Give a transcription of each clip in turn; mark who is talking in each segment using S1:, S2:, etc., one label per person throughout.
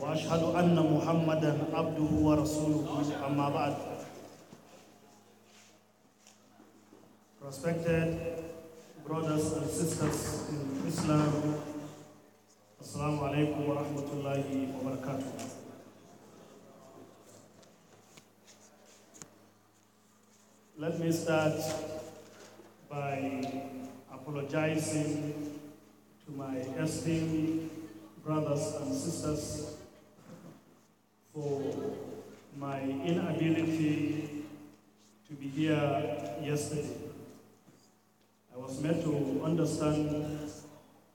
S1: واشهد ان محمدا عبده ورسوله اما بعد respected brothers and sisters in islam assalamu alaikum wa rahmatullahi wa barakatuh
S2: let me start
S1: by apologizing to my esteemed brothers and sisters for my inability to be here yesterday. I was meant to understand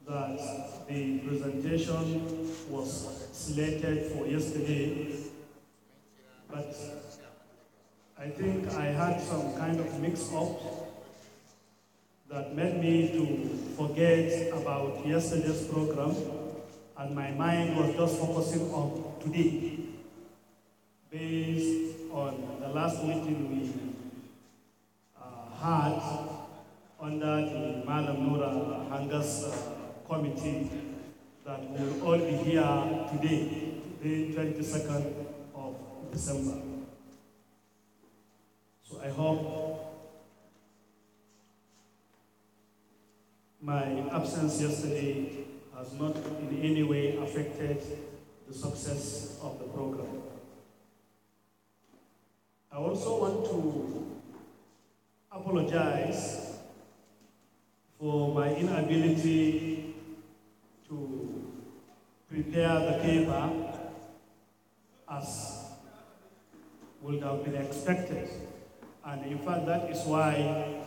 S1: that the presentation was slated for yesterday, but I think I had some kind of mix-up that made me to forget about yesterday's program, and my mind was just focusing on today based on the last meeting we uh, had under the Madam Nora Hangers uh, Committee that we will all be here today, the 22nd of December. So I hope my absence yesterday has not in any way affected the success of the program. I also want to apologize for my inability to prepare the paper as would have been expected. And in fact, that is why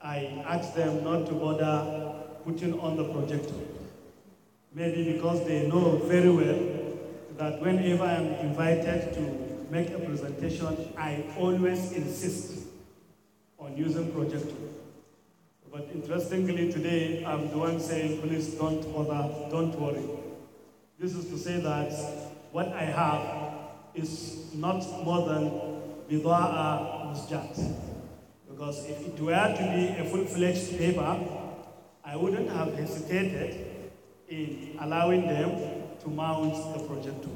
S1: I asked them not to bother putting on the projector. Maybe because they know very well that whenever I'm invited to make a presentation, I always insist on using projector. But interestingly, today I'm the one saying, please don't bother, don't worry. This is to say that what I have is not more than bida'a musjat. Because if it were to be a full-fledged paper, I wouldn't have hesitated in allowing them to mount the projector.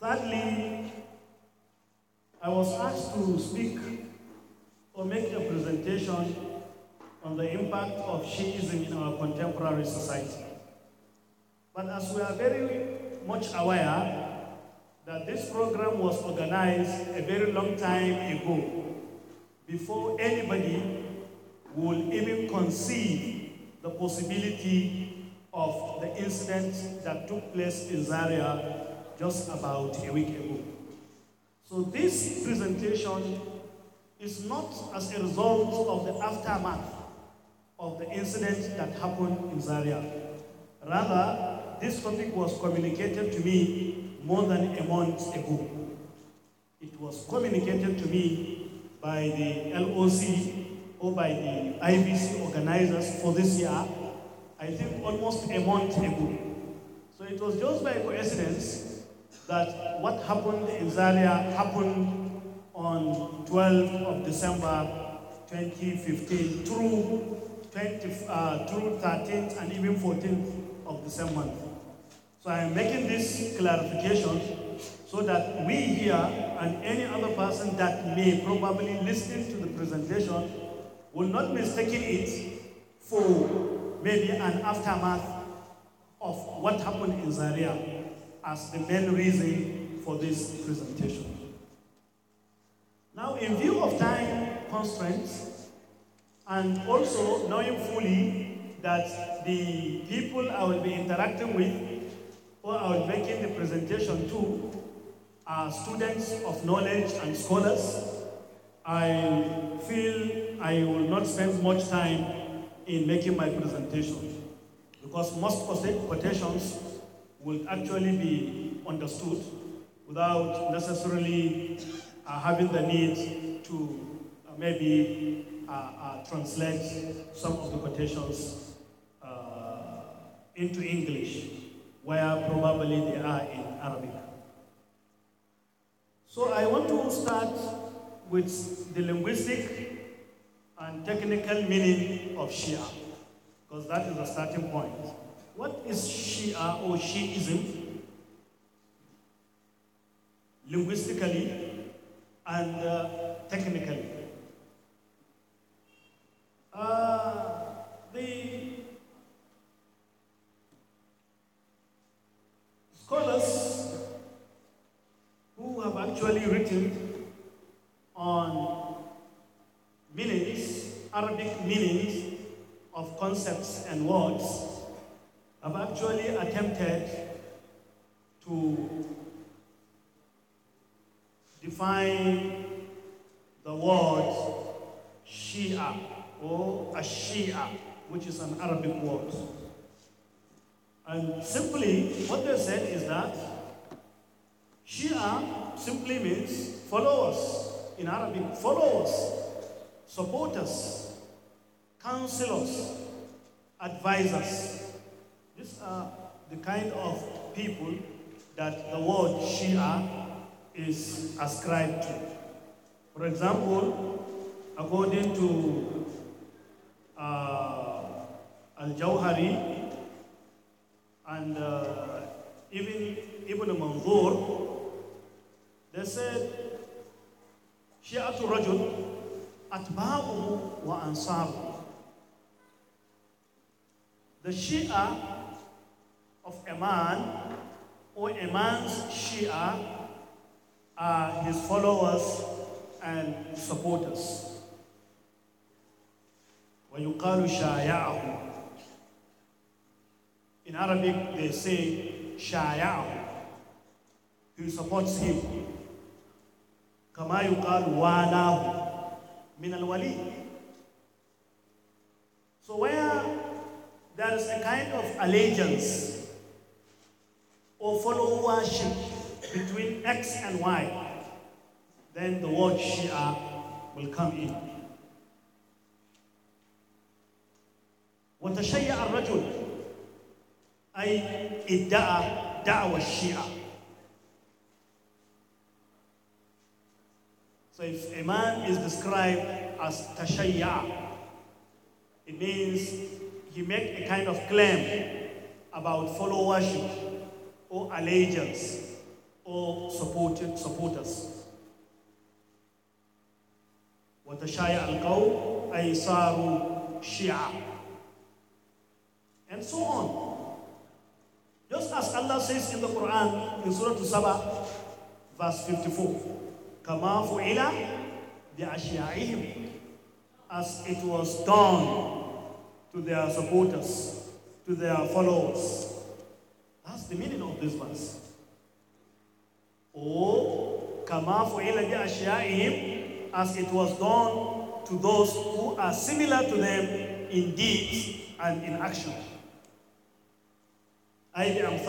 S1: Thirdly, I was asked to speak or make a presentation on the impact of Shiism in our contemporary society. But as we are very much aware that this program was organized a very long time ago, before anybody would even conceive the possibility of the incident that took place in Zaria just about a week ago. So this presentation is not as a result of the aftermath of the incident that happened in Zaria. Rather, this topic was communicated to me more than a month ago. It was communicated to me by the LOC or by the IBC organizers for this year, I think almost a month ago. So it was just by coincidence that what happened in Zaria happened on 12th of December 2015 through, 20, uh, through 13th and even 14th of December. So I am making this clarification so that we here and any other person that may probably listen to the presentation will not mistake it for maybe an aftermath of what happened in Zaria as the main reason for this presentation. Now, in view of time constraints, and also knowing fully that the people I will be interacting with or I will be making the presentation to are students of knowledge and scholars, I feel I will not spend much time in making my presentation because most quotations Will actually be understood without necessarily uh, having the need to uh, maybe uh, uh, translate some of the quotations uh, into English, where probably they are in Arabic. So I want to start with the linguistic and technical meaning of Shia, because that is the starting point. What is Shia uh, or Shiism linguistically and uh, technically? Uh, the scholars
S2: who have actually
S1: written on meanings, Arabic meanings of concepts and words I've actually attempted to define the word Shia or a Shia, which is an Arabic word. And simply, what they said is that Shia simply means followers in Arabic, followers, supporters, counselors, advisors. These are the kind of people that the word Shia is ascribed to. For example, according to uh, Al Jawhari and uh, even Ibn Manzur, they said, "Shia rajul الرجل wa ansar." The Shia of a man or a man's Shia are his followers and supporters. ويقال شايعه In Arabic they say شايعه Who supports him كما يقال من الولي So where there is a kind of allegiance or followership between X and Y, then the word Shia will come in. وتشيع الرجل أي ادعى دعوى الشيعة. So if a man is described as tashayya, it means he make a kind of claim about followership or allegiance or supported supporters وتشايع القوم أي صاروا شيعة and so on just as Allah says in the Quran in Surah al verse 54 كما فعل بأشياعهم as it was done to their supporters to their followers that's the meaning of this verse. Oh, kama him, as it was done to those who are similar to them in deeds and in action. These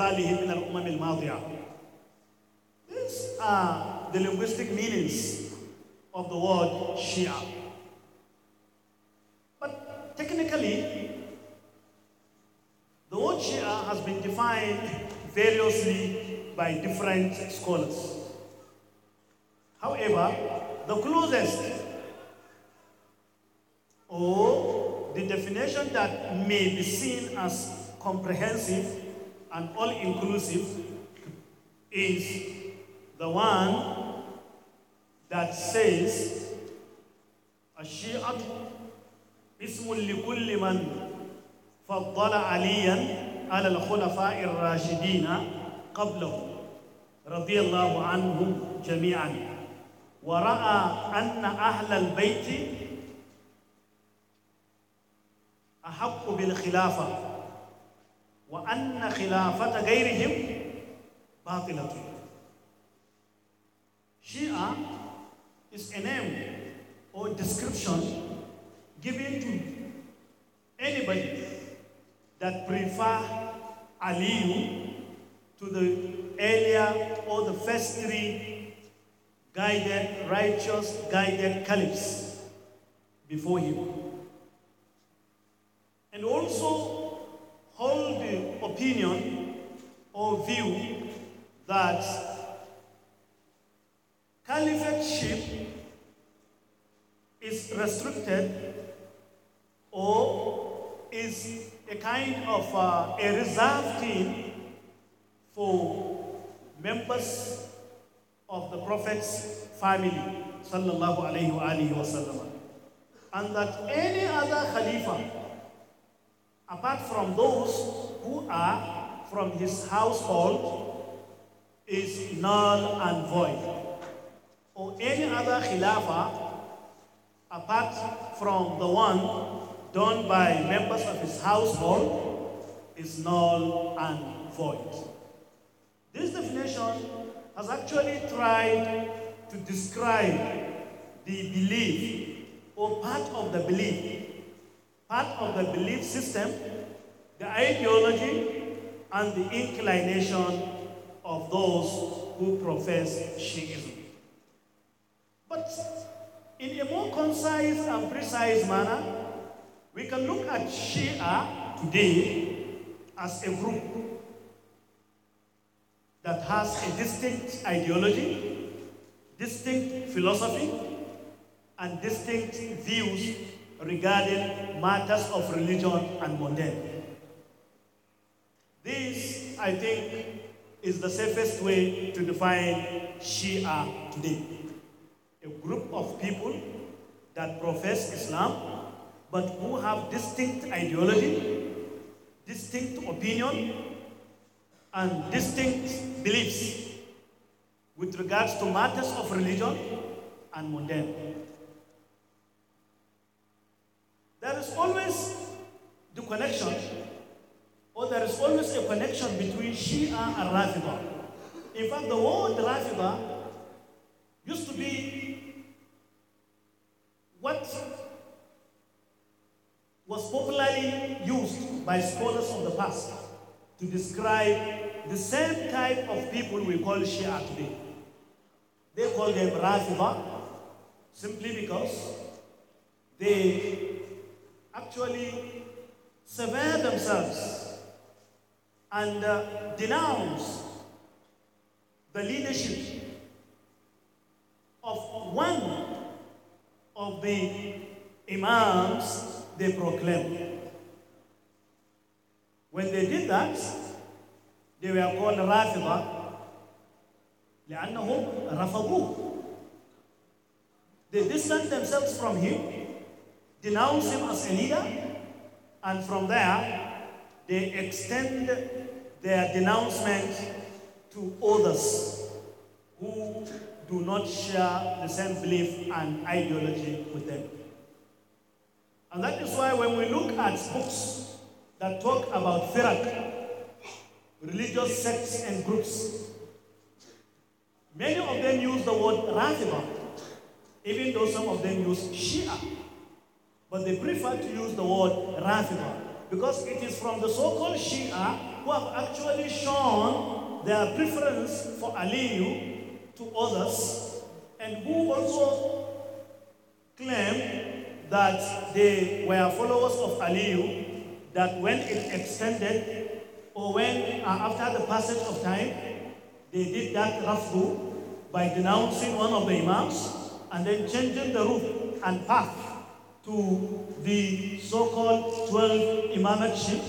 S1: are the linguistic meanings of the word Shia. But technically, the word Shia has been defined variously by different scholars. However, the closest or the definition that may be seen as comprehensive and all inclusive is the one that says ismul li kulli man." فضل عليا على الخلفاء الراشدين قبله رضي الله عنهم جميعا ورأى أن أهل البيت أحق بالخلافة وأن خلافة غيرهم باطلة Shia is a name or description given to anybody that prefer Aliyu to the earlier or the first three guided, righteous, guided caliphs before him. And also hold the opinion or view that caliphateship is restricted or is a kind of uh, a reserve team for members of the Prophet's family, sallallahu alayhi wa alayhi wa And that any other Khalifa, apart from those who are from his household, is null and void. Or any other Khilafah, apart from the one done by members of his household is null and void. This definition has actually tried to describe the belief or part of the belief, part of the belief system, the ideology, and the inclination of those who profess Shiism. But in a more concise and precise manner, we can look at Shia today as a group that has a distinct ideology, distinct philosophy, and distinct views regarding matters of religion and mundane. This, I think, is the safest way to define Shia today. A group of people that profess Islam but who have distinct ideology, distinct opinion, and distinct beliefs with regards to matters of religion and modern. There is always the connection, or there is always a connection between Shia and Rafida. In fact, the word Rafida used to be what was popularly used by scholars of the past to describe the same type of people we call Shia today. They call them Rafiba simply because they actually sever themselves and uh, denounce the leadership of one of the imams they proclaimed. When they did that, they were called Rafida لأنهم رفضوه. They distanced themselves from him, denounced him as a leader, and from there they extend
S2: their denouncement
S1: to others who do not share the same belief and ideology with them. And that is why when we look at books that talk about Firak, religious sects and groups, many of them use the word Rafidah, even though some of them use Shia. But they prefer to use the word Rafidah because it is from the so-called Shia who have actually shown their preference for Aliyu to others and who also claim that they were followers of Aliyu, that when it extended or when uh, after the passage of time, they did that rafu by denouncing one of the imams and then changing the route and path to the so-called 12 ship.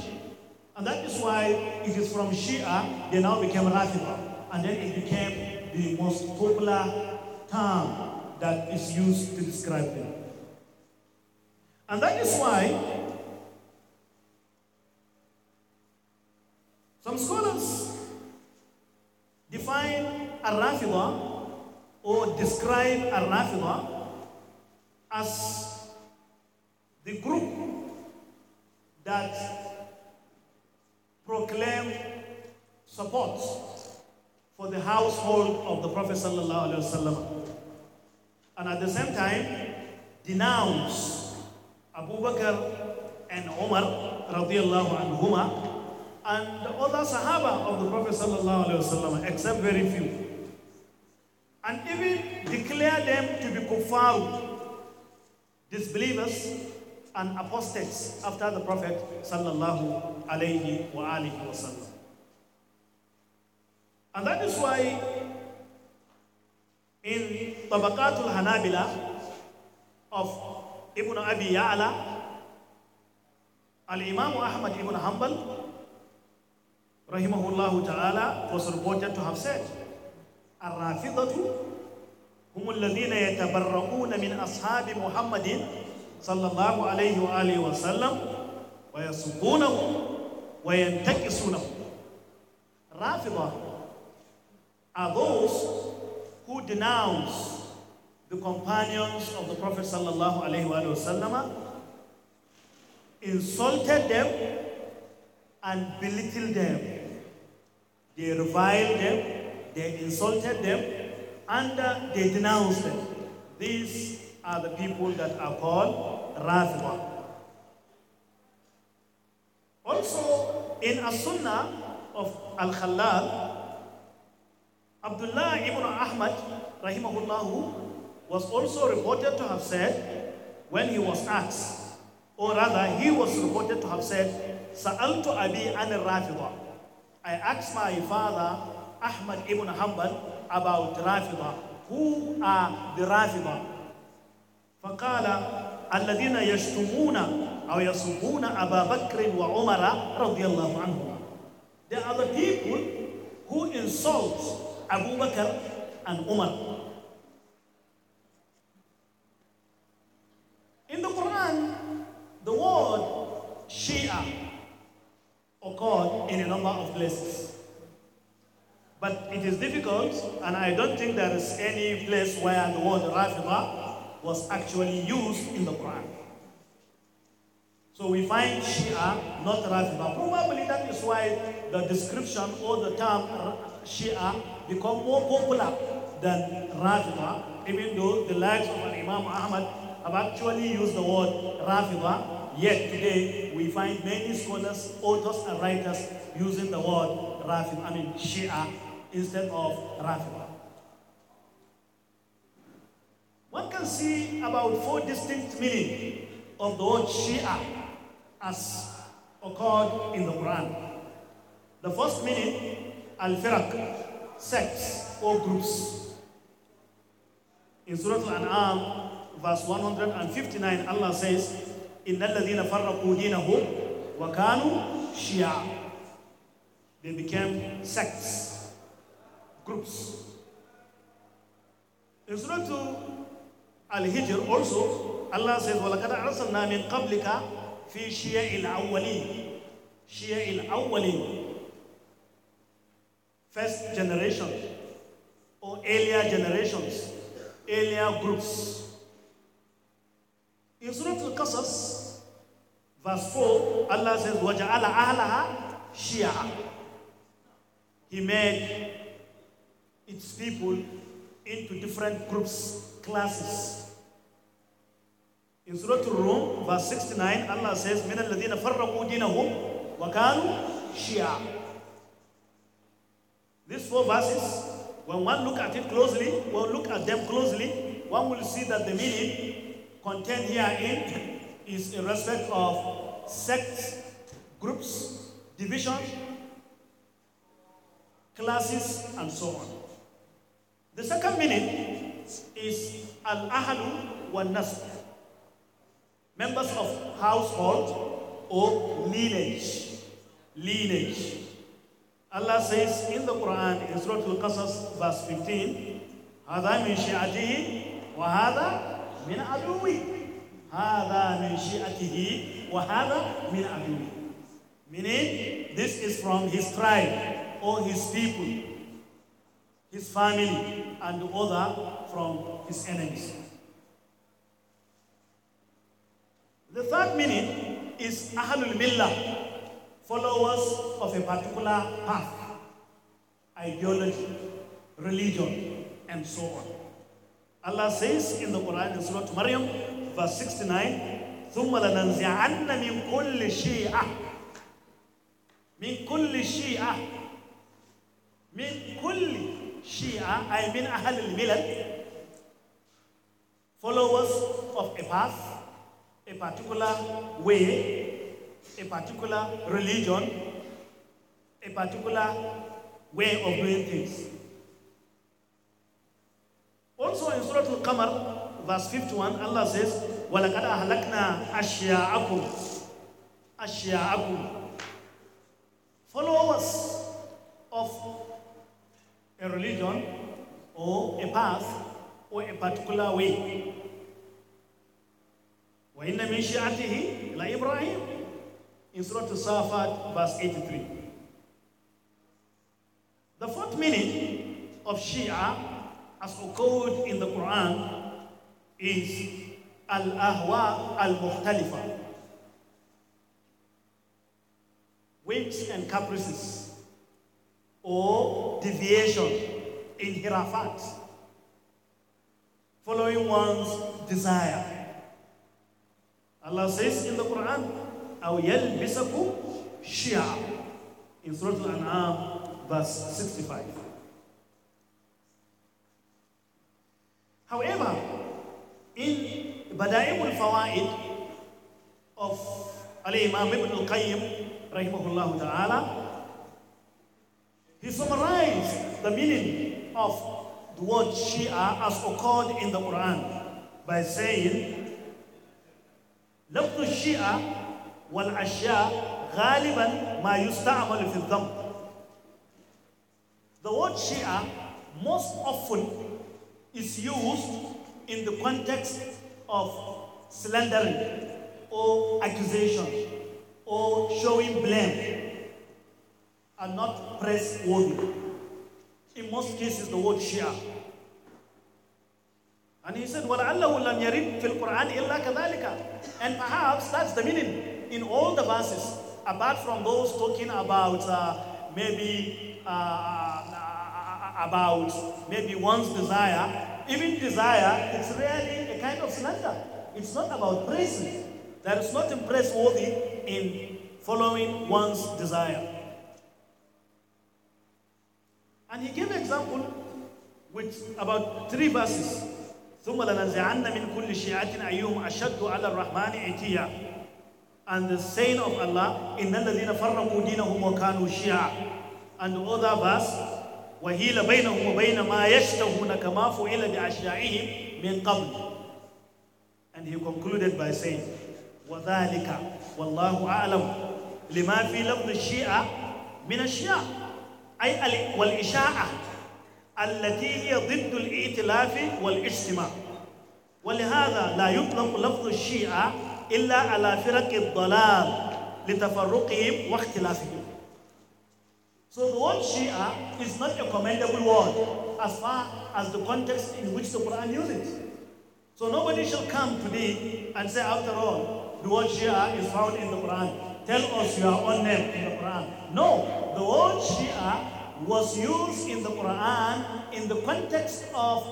S1: And that is why it is from Shia they now became Rafida. And then it became the most popular term that is used to describe them. And that is why some scholars define Ar-Rafida or describe Ar-Rafida as the group that proclaim support for the household of the Prophet sallallahu alaihi wasallam, and at the same time denounce Abu Bakr and Umar radiallahu anhuma and other Sahaba of the Prophet sallallahu alaihi wasallam except very few and even declare them to be kuffar disbelievers and apostates after the Prophet sallallahu alaihi wa alihi wasallam and that is why in Tabakatul Hanabila of ابن أبي يعلى الإمام احمد ابن حنبل رحمه الله تعالى was reported to have said الرافضة هم الذين يتبرؤون من أصحاب محمد صلى الله عليه وآله وسلم ويسبونهم وينتكسونهم رافضة are those who denounce the companions of the Prophet sallallahu alaihi wasallam insulted them and belittled them. They reviled them, they insulted them, and uh, they denounced them. These are the people that are called Rafidah. Also, in a sunnah of Al Khalal, Abdullah ibn Ahmad, rahimahullah was also reported to have said, when he was asked, or rather, he was reported to have said, Sa'altu Abi an Rafida. I asked my father, Ahmad ibn Hanbal, about Rafida. Who are the Rafida? فقال الذين يشتمون أو يسبون أبا بكر وعمر رضي الله عنهما. They are the people who insult Abu Bakr and Umar The word Shia occurred in a number of places. But it is difficult, and I don't think there is any place where the word Rafida was actually used in the Quran. So we find Shia, not Rafida. Probably that is why the description or the term Shia become more popular than Rafida, even though the likes of Imam Ahmad have actually used the word Rafida Yet today, we find many scholars, authors, and writers using the word Rafid, I mean Shia, instead of Rafida. One can see about four distinct meanings of the word Shia as occurred in the Quran. The first meaning, al-firaq, sects or groups. In Surah Al-An'am, verse 159, Allah says, إن الذين فرقوا دينهم وكانوا شيعا they became sects groups in Surah Al-Hijr also Allah says وَلَقَدْ أَرْسَلْنَا مِنْ قَبْلِكَ في شيع الأولين شيع الأولين first generation or earlier generations earlier groups In Surah Al-Qasas, verse 4, Allah says, وَجَعَلَ أَهْلَهَا شِيَعًا He made its people into different groups, classes. In Surah Al-Rum, verse 69, Allah says, مِنَ الَّذِينَ فَرَّقُوا دِينَهُمْ وَكَانُوا شِيَعًا These four verses, when one look at it closely, one look at them closely, one will see that the meaning contained herein is in respect of sects, groups, divisions, classes, and so on. The second meaning is al ahlu wa nasb, members of household or lineage. Lineage. Allah says in the Quran, in Surah Al Qasas, verse 15, هذا من شيعته وهذا من عدوي هذا من شيعته وهذا من عدوي meaning this is from his tribe or his people his family and the other from his enemies the third meaning is ahlul millah followers of a particular path ideology religion and so on Allah says in the Quran in Surah Maryam, verse 69, ثم لننزعن من كل شيعة من كل شيعة من كل شيعة أي من أهل الملل followers of a path a particular way a particular religion a particular way of doing things also in Surah Al-Qamar, verse 51, Allah says, وَلَقَدْ أَهْلَكْنَا أَشْيَاءَكُمْ أَشْيَاءَكُمْ Followers of a religion or a path or a particular way. وَإِنَّ مِنْ شِيَعَتِهِ لَا إِبْرَاهِيمُ In Surah Al-Safat, verse 83. The fourth meaning of Shia as occurred in the Quran is al-ahwa al-mukhtalifa, whims and caprices, or deviation in hirafat, following one's desire. Allah says in the Quran, أَوْ يَلْبِسَكُمْ شِيَعًا in Surah Al-An'am, verse 65. However, in Bada'im al-Fawaid of Al-Imam Ibn al-Qayyim rahimahullah ta'ala, he summarized the meaning of the word Shia as occurred in the Quran by saying, لفظ الشيعة والأشياء غالبا ما يستعمل في الذنب. The word Shia most often is used in the context of slandering or accusation or showing blame and not praiseworthy. In most cases, the word Shia. And he said, وَلَعَلَّهُ لَمْ يَرِدْ فِي الْقُرْآنِ إِلَّا كَذَلِكَ And perhaps that's the meaning in all the verses, apart from those talking about uh, maybe uh, about maybe one's desire, even desire, it's really a kind of slander. It's not about praising. That is not impressworthy in following one's desire. And he gave an example with about three verses. ثم لنزعن من كل شيعة أيهم أشد على الرحمن عتيا and the saying of Allah إن الذين فرقوا دينهم وكانوا شيعا and the other verse وهيل بينهم وبين ما يشتهون كما فعل بأشيائهم من قبل and he concluded by saying وذلك والله أعلم لما في لفظ الشيعة من الشيعة أي والإشاعة التي هي ضد الائتلاف والاجتماع ولهذا لا يطلق لفظ الشيعة إلا على فرق الضلال لتفرقهم واختلافهم So the word Shia is not a commendable word as far as the context in which the Quran uses it. So nobody shall come to me and say, after all, the word Shia is found in the Quran. Tell us your own name in the Quran. No, the word Shia was used in the Quran in the context of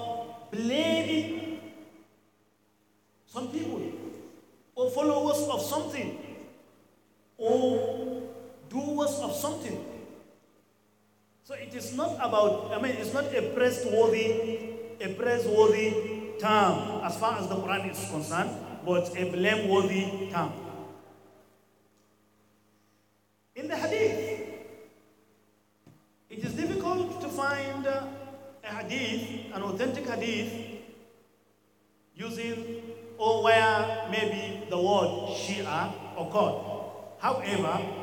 S1: blaming some people or followers of something or doers of something. So it is not about, I mean, it's not a praiseworthy, a praiseworthy term as far as the Quran is concerned, but a blameworthy term. In the hadith, it is difficult to find a hadith, an authentic hadith, using or where maybe the word Shia occurred. However,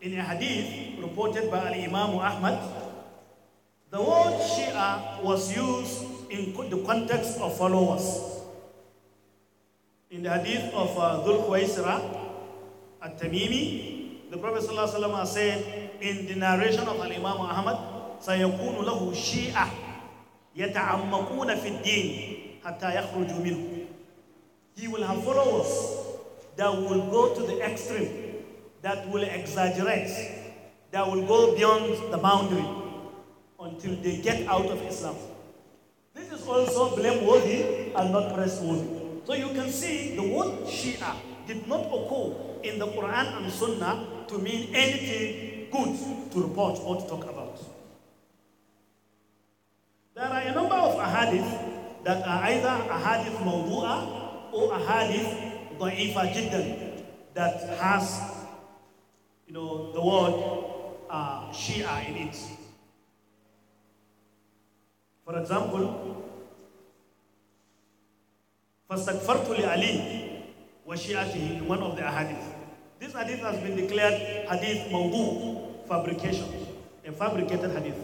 S1: in a hadith reported by Imam Ahmad, the word Shia was used in the context of followers. In the hadith of uh, Dhul Khwaisra at Tamimi, the Prophet ﷺ said in the narration of Al Imam Ahmad, سيكون له شيعة يتعمقون في الدين حتى يخرجوا منه. He will have followers that will go to the extreme that will exaggerate, that will go beyond the boundary until they get out of Islam. This is also blameworthy and not praiseworthy. So you can see the word Shia did not occur in the Quran and Sunnah to mean anything good to report or to talk about. There are a number of ahadith that are either ahadith mawdu'a or ahadith da'ifa jiddan that has you know, the word uh, Shia in it. For example, فَاسْتَكْفَرْتُ لِعَلِي وَشِيَعَتِهِ in one of the hadith. This hadith has been declared hadith mawdu, fabrication, a fabricated hadith.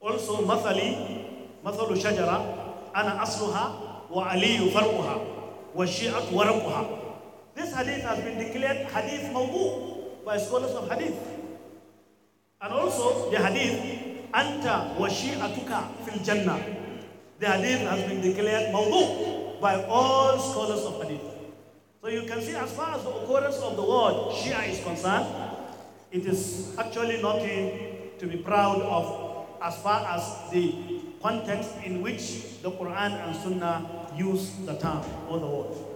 S1: Also, مثلي مثل شجرة أنا أصلها وعلي فرعها والشيعة ورقها. This hadith has been declared hadith mawdu, by scholars of hadith. And also the hadith, Anta washi atuka fil jannah. The hadith has been declared mawdu by all scholars of hadith. So you can see as far as the occurrence of the word Shia is concerned, it is actually nothing to be proud of as far as the context in which the Quran and Sunnah use the term or the word.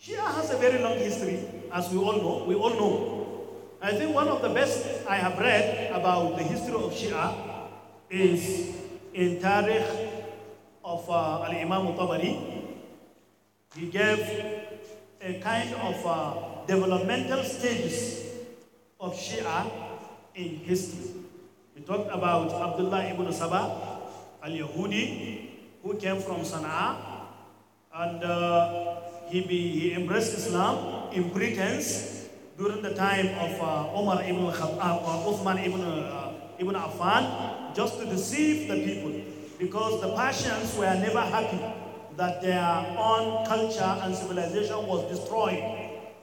S2: Shia has a very long history,
S1: as we all know. We all know. I think one of the best I have read about the history of Shia is in Tariq of uh, Al Imam Tabari. He gave a kind of uh, developmental stages of Shia in history. He talked about Abdullah ibn Sabah, al Yahudi, who came from Sana'a, and uh, he, be, he embraced Islam in Britain during the time of uh, Omar ibn Khattab or uh, uh, Uthman ibn, uh, ibn Affan just to deceive the people because the Persians were never happy that their own culture and civilization was destroyed.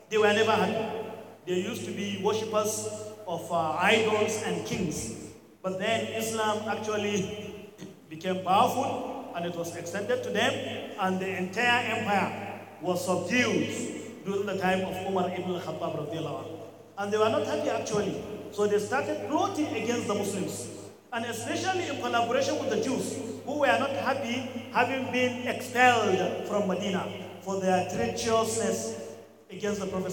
S1: They were never happy. They used to be worshippers of uh, idols and kings. But then Islam actually became powerful and it was extended to them and the entire empire was subdued during the time of Umar ibn al-Khattab And they were not happy actually. So they started plotting against the Muslims. And especially in collaboration with the Jews, who were not happy having been expelled from Medina for their treacherousness against the Prophet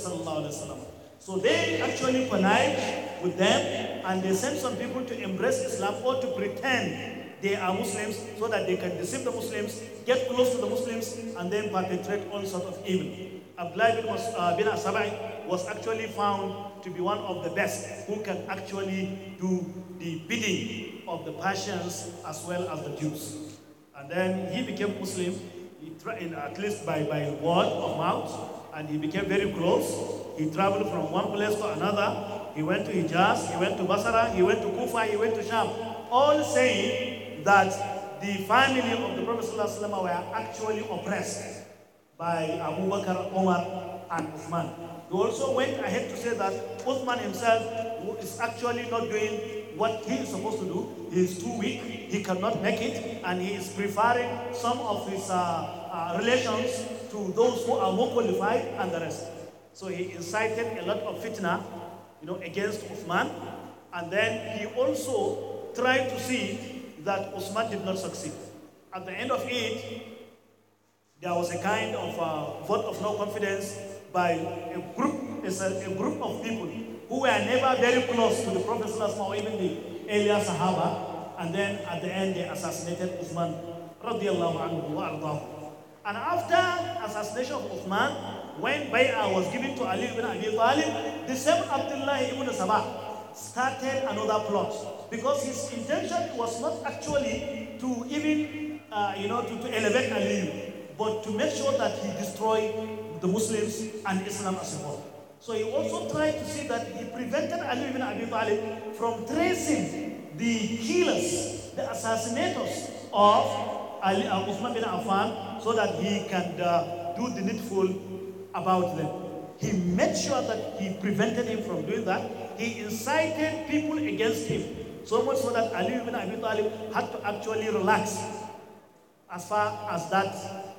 S1: So they actually connived with them and they sent some people to embrace Islam or to pretend they are Muslims so that they can deceive the Muslims, get close to the Muslims, and then perpetrate all sorts of evil. Abdullah bin, uh, bin Asabai was actually found to be one of the best who can actually do the bidding of the Persians as well as the Jews. And then he became Muslim, he at least by, by word of mouth, and he became very close. He traveled from one place to another. He went to Hijaz, he went to Basra, he went to Kufa, he went to Sham, all saying that the family of the Prophet ﷺ were actually oppressed by Abu Bakr, Omar, and Uthman. He also went ahead to say that Uthman himself is actually not doing what he is supposed to do. He is too weak, he cannot make it, and he is preferring some of his uh, uh, relations to those who are more qualified and the rest. So he incited a lot of fitna, you know, against Uthman. And then he also tried to see that Usman did not succeed. At the end of it, there was a kind of uh, vote of no confidence by a group, a, a group of people who were never very close to the Prophet or even the earlier Sahaba. And then at the end, they assassinated Usman. And after assassination of Usman, when Bay'ah was given to Ali ibn Abi Talib, the same Abdullah ibn Sabah started another plot because his intention was not actually to even, uh, you know, to, to elevate Aliyu, but to make sure that he destroyed the Muslims and Islam as a whole. So he also tried to see that he prevented Ali ibn Abi Talib from tracing the killers, the assassinators of Ali uh, Uthman bin Affan so that he can uh, do the needful about them. He made sure that he prevented him from doing that. He incited people against him. So much so that Ali ibn Abi Talib had to actually relax as far as that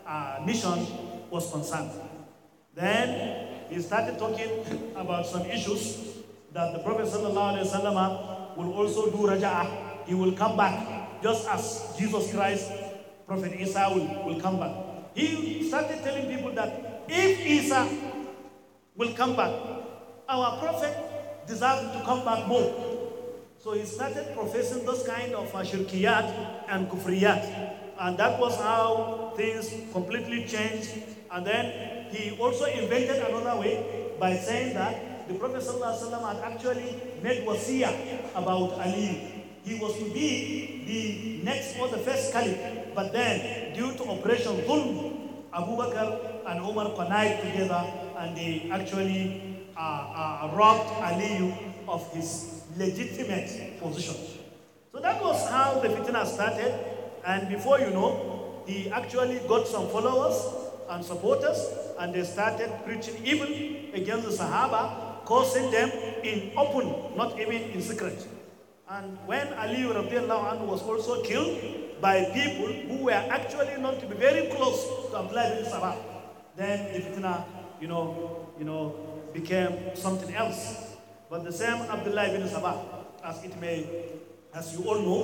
S1: uh, mission was concerned. Then he started talking about some issues that the Prophet ﷺ will also do raja'ah. He will come back just as Jesus Christ, Prophet Isa will, will come back. He started telling people that if Isa will come back, our Prophet deserves to come back more so he started professing those kind of ashirkiyat and kufriyat. And that was how things completely changed. And then he also invented another way by saying that the Prophet ﷺ had actually made wasiyah about Ali. He was to be the next or the first caliph. But then, due to Operation Zulm, Abu Bakr and Umar connived together and they actually uh, uh, robbed Ali of his legitimate positions. So that was how the fitna started. And before you know, he actually got some followers and supporters, and they started preaching even against the Sahaba, causing them in open, not even in secret. And when Ali anhu was also killed by people who were actually known to be very close to Abdullah ibn Sabah, then the fitna, you know, you know, became something else. But the same Abdullah ibn Sabah, as it may, as you all know,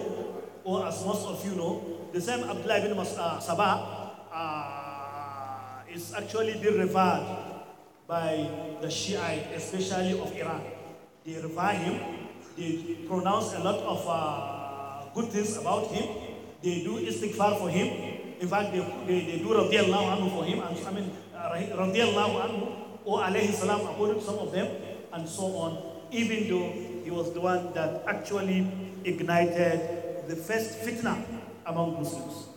S1: or as most of you know, the same Abdullah ibn uh, Sabah uh, is actually being revered by the Shiite, especially of Iran. They revere him, they pronounce a lot of uh, good things about him, they do istighfar for him. In fact, they, they, they do radiallahu anhu for him, and I mean, uh, radiallahu anhu, or alayhi salam, according to some of them, and so on even though he was the one that actually ignited the first fitna among Muslims.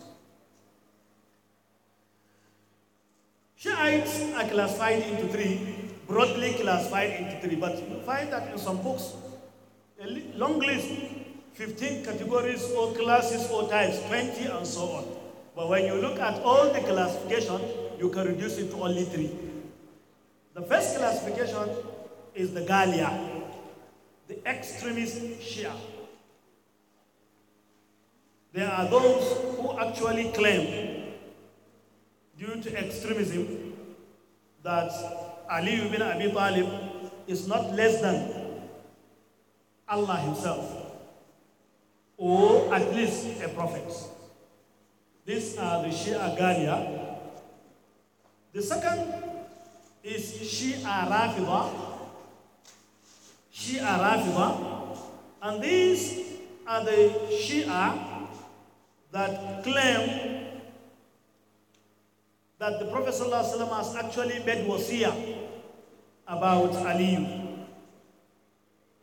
S1: Shiites are classified into three, broadly classified into three, but you find that in some books, a long list, 15 categories or classes or types, 20 and so on. But when you look at all the classification, you can reduce it to only three. The first classification is the Galia the extremist Shia. There are those who actually claim, due to extremism, that Ali ibn Abi Talib is not less than Allah Himself, or at least a prophet. These are the Shia Ghalia. The second is Shia Rafida, Shia Rafida, and these are the Shia that claim that the Prophet wasallam has actually made wasia about Ali.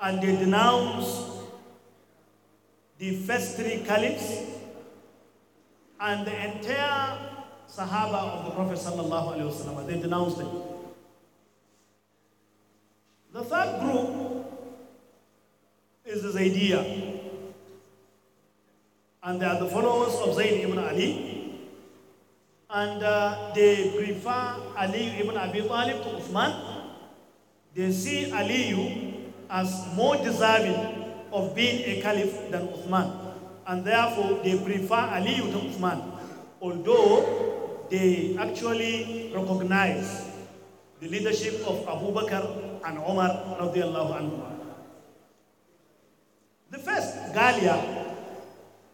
S1: And they denounce the first three caliphs and the entire Sahaba of the Prophet sallallahu alaihi wasallam. They denounced them. The third group is his idea. And they are the followers of Zayd ibn Ali. And uh, they prefer Ali ibn Abi Talib to Uthman. They see ibn as more deserving of being a caliph than Uthman. And therefore, they prefer Ali to Uthman. Although they actually recognize the leadership of Abu Bakr and Umar radiallahu anhu. The first, Galia,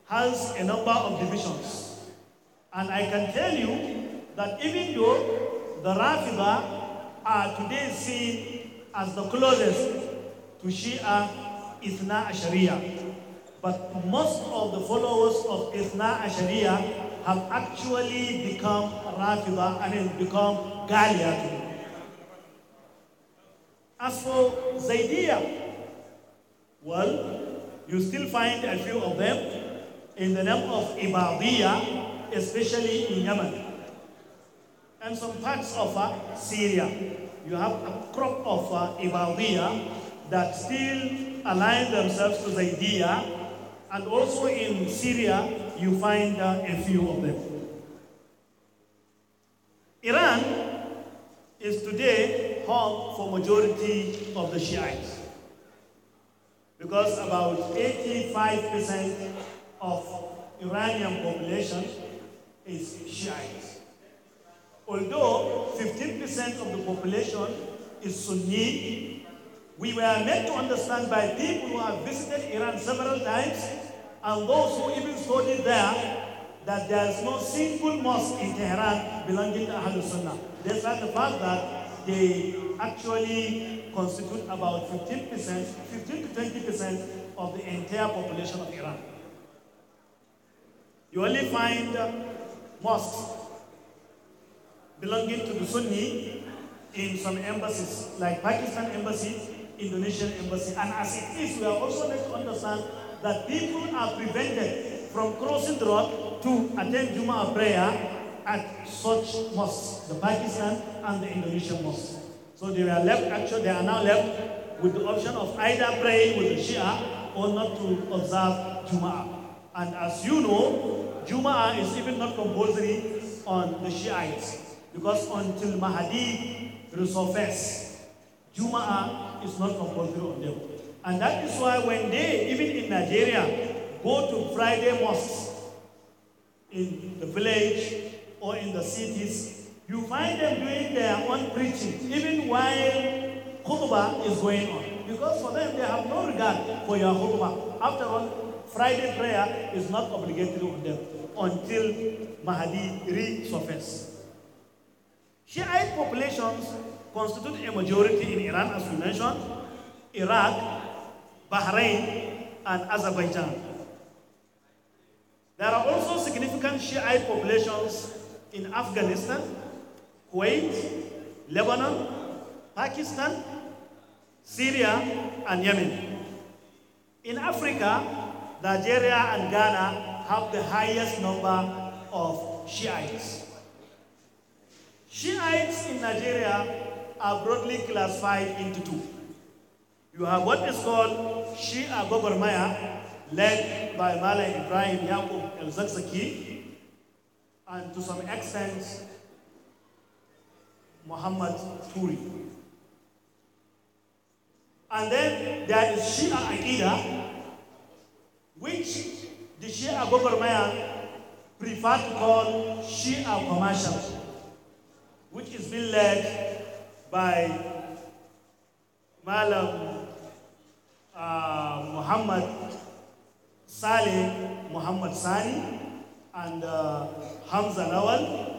S1: has a number of divisions. And I can tell you that even though the Rafida are today seen as the closest to Shia Ithna Asharia, but most of the followers of Ithna Asharia have actually become Rafida and have become Galia as for Zaidiya, well, you still find a few of them in the name of Ibadiya, especially in Yemen. And some parts of uh, Syria. You have a crop of uh, that still align themselves to the idea. And also in Syria, you find uh, a few of them. Iran is today home for majority of the Shiites because about 85% of Iranian population is Shiite. Although 15% of the population is Sunni, we were made to understand by people who have visited Iran several times and those who even studied there that there is no single mosque in Tehran belonging to Ahlul Sunnah. Despite the fact that they actually constitute about 15%, 15 to 20% of the entire population of Iran. You only find uh, mosques belonging to the Sunni in some embassies, like Pakistan embassy, Indonesian embassy. And as it is, we are also need to understand that people are prevented from crossing the road to attend Juma prayer at such mosques, the Pakistan and the Indonesian mosques. So they were left, actually, they are now left with the option of either praying with the Shia or not to observe Jum'ah. And as you know, Jum'ah is even not compulsory on the Shiites because until Mahdi resurfaces, Jum'ah is not compulsory on them. And that is why when they, even in Nigeria, go to Friday mosques in the village or in the cities, you find them doing their own preaching, even while khutbah is going on. Because for them, they have no regard for your khutbah. After all, Friday prayer is not obligatory on them until Mahdi resurfaces. Shiite populations constitute a majority in Iran, as we mentioned, Iraq, Bahrain, and Azerbaijan. There are also significant Shiite populations in Afghanistan, Kuwait, Lebanon, Pakistan, Syria, and Yemen. In Africa, Nigeria and Ghana have the highest number of Shiites. Shiites in Nigeria are broadly classified into two. You have what is called Shia Gobermaya, led by Malam Ibrahim Yaqub El-Zakzaki, and to some extent Muhammad Turi. And then there is Shia Aqidah, which the Shia government prefer to call Shia commercial, which is being led by Malam uh, Muhammad Saleh Muhammad Sani and uh, Hamza Nawal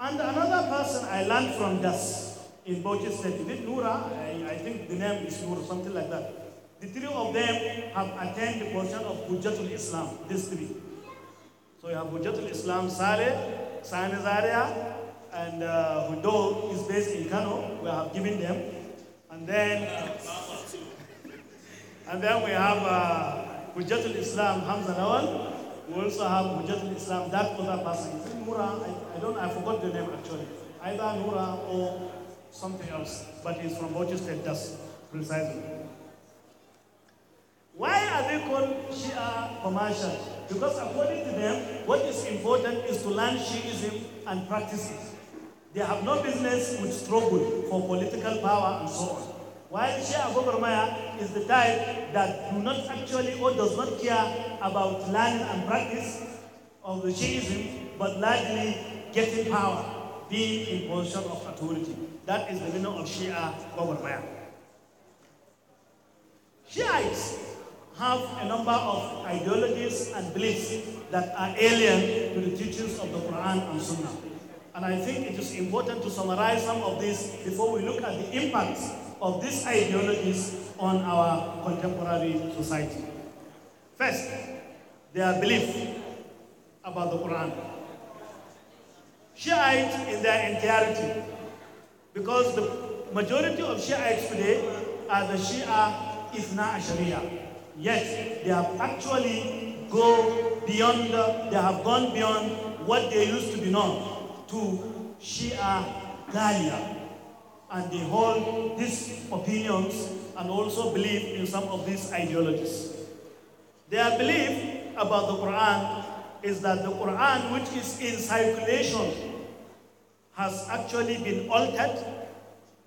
S1: and another person I learned from this in Bochi State, is Nura? I, I, think the name is Nura, something like that. The three of them have attained the portion of Hujjatul Islam, these three. So you have Hujjatul Islam Saleh, Sani Zaria, and uh, Hudo is based in Kano. We have given them. And then, and then we have uh, Hujjatul Islam Hamza Nawal. We also have Hujjatul Islam, that other person. Is Mura? I don't, I forgot the name actually. Either Nura or something else, but he's from Bauchi State, that's precisely. Why are they called Shia commercial? Because according to them, what is important is to learn Shiism and practice it. They have no business with struggle for political power and so on. While Shia Gobermaya is the type that do not actually or does not care about learning and practice of the Shiism, but largely getting power, being in position of authority. That is the meaning of Shia Gawarmaya. Shiites have a number of ideologies and beliefs that are alien to the teachings of the Quran and Sunnah. And I think it is important to summarize some of these before we look at the impacts of these ideologies on our contemporary society. First, their belief about the Quran. Shiites in their entirety. Because the majority of Shiites today are the Shia Isna Sharia. Yes, they have actually go beyond, they have gone beyond what they used to be known to Shia dalia, And they hold these opinions and also believe in some of these ideologies. Their belief about the Quran is that the Quran, which is in circulation has actually been altered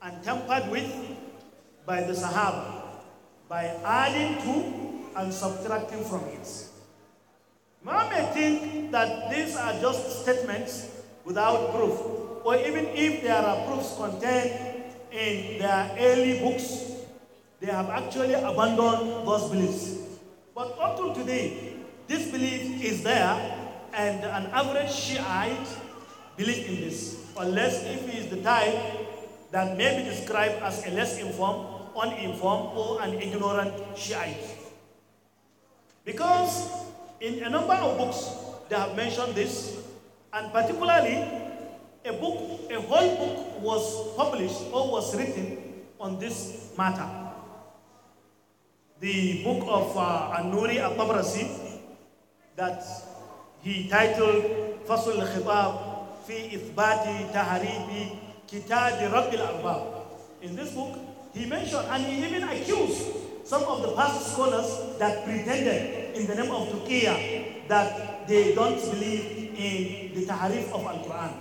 S1: and tampered with by the Sahaba by adding to and subtracting from it. Man may think that these are just statements without proof, or even if there are proofs contained in their early books, they have actually abandoned those beliefs. But up to today, this belief is there, and an average Shiite believes in this unless if he is the type that may be described as a less informed, uninformed, or an ignorant Shiite. Because in a number of books they have mentioned this, and particularly a book, a whole book was published or was written on this matter. The book of uh, an that he titled Fasul al-Khitab fi ithbati rabbil arbab. In this book, he mentioned and he even accused some of the past scholars that pretended in the name of Turkiya that they don't believe in the tahrif of Al-Quran.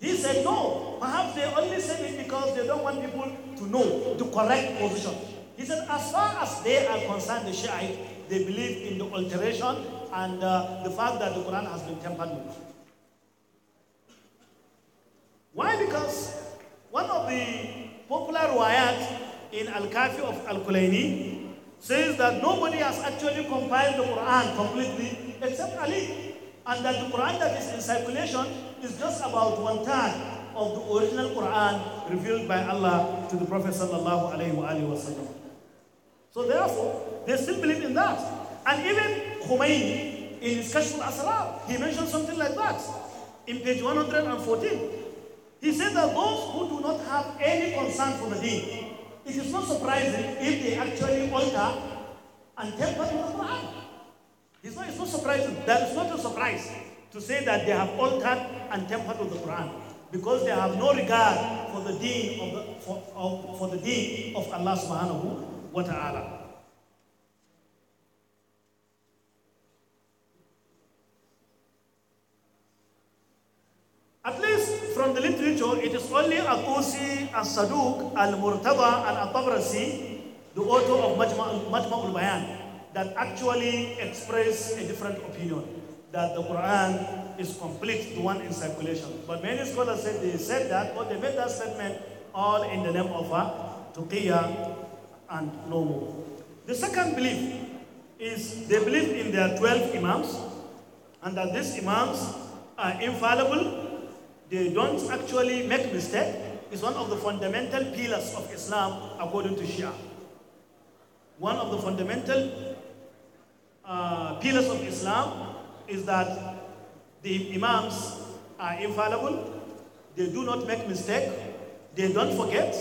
S1: He said, no, perhaps they only said it because they don't want people to know the correct position. He said, as far as they are concerned, the Shiite, they believe in the alteration and uh, the fact that the Quran has been tampered with. Why? Because one of the popular riwayat in Al-Kafi of Al-Kulaini says that nobody has actually compiled the Quran completely except Ali. And that the Quran that is in circulation is just about one third of the original Quran revealed by Allah to the Prophet sallallahu alaihi wasallam. So therefore, they still believe in that. And even Khomeini in his Kashf al-Asrar, he mentioned something like that in page 114. He said that those who do not have any concern for the deen, it is not surprising if they actually alter and take part in the Quran. It's not, it's not surprising. That is not a surprise to say that they have altered and tempered with the Quran because they have no regard for the deen of, the, for, of, for the deen of Allah subhanahu wa ta'ala. At least from the literature, it is only Akusi al-Saduq al-Murtada al-Atabrasi, the author of Majma, al-Bayan, that actually express a different opinion, that the Quran is complete, the one in circulation. But many scholars said they said that, or they made that statement all in the name of uh, Tuqiyya and no more. The second belief is they believe in their 12 imams, and that these imams are infallible they don't actually make mistake is one of the fundamental pillars of Islam according to Shia. One of the fundamental uh, pillars of Islam is that the imams are infallible, they do not make mistake, they don't forget,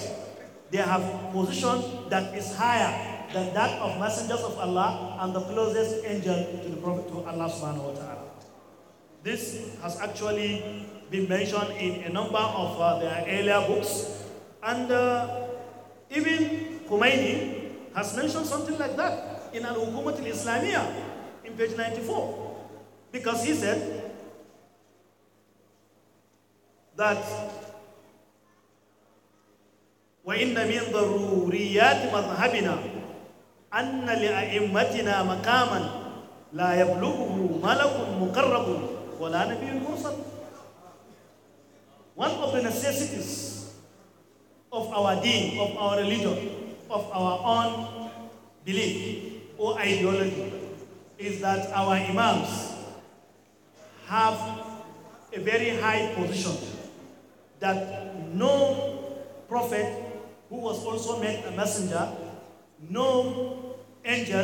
S1: they have position that is higher than that of messengers of Allah and the closest angel to the Prophet to Allah subhanahu wa ta'ala. This has actually been mentioned in a number of uh, their earlier books. And uh, even Khomeini has mentioned something like that in Al Hukumat al Islamiyah in page 94. Because he said that وإن من ضروريات مذهبنا أن لأئمتنا مقاما لا يبلغه ملك مقرب ولا نبي مرسل one of the necessities of our deen, of our religion, of our own belief or ideology is that our imams have a very high position that no prophet who was also made a messenger,
S2: no
S1: angel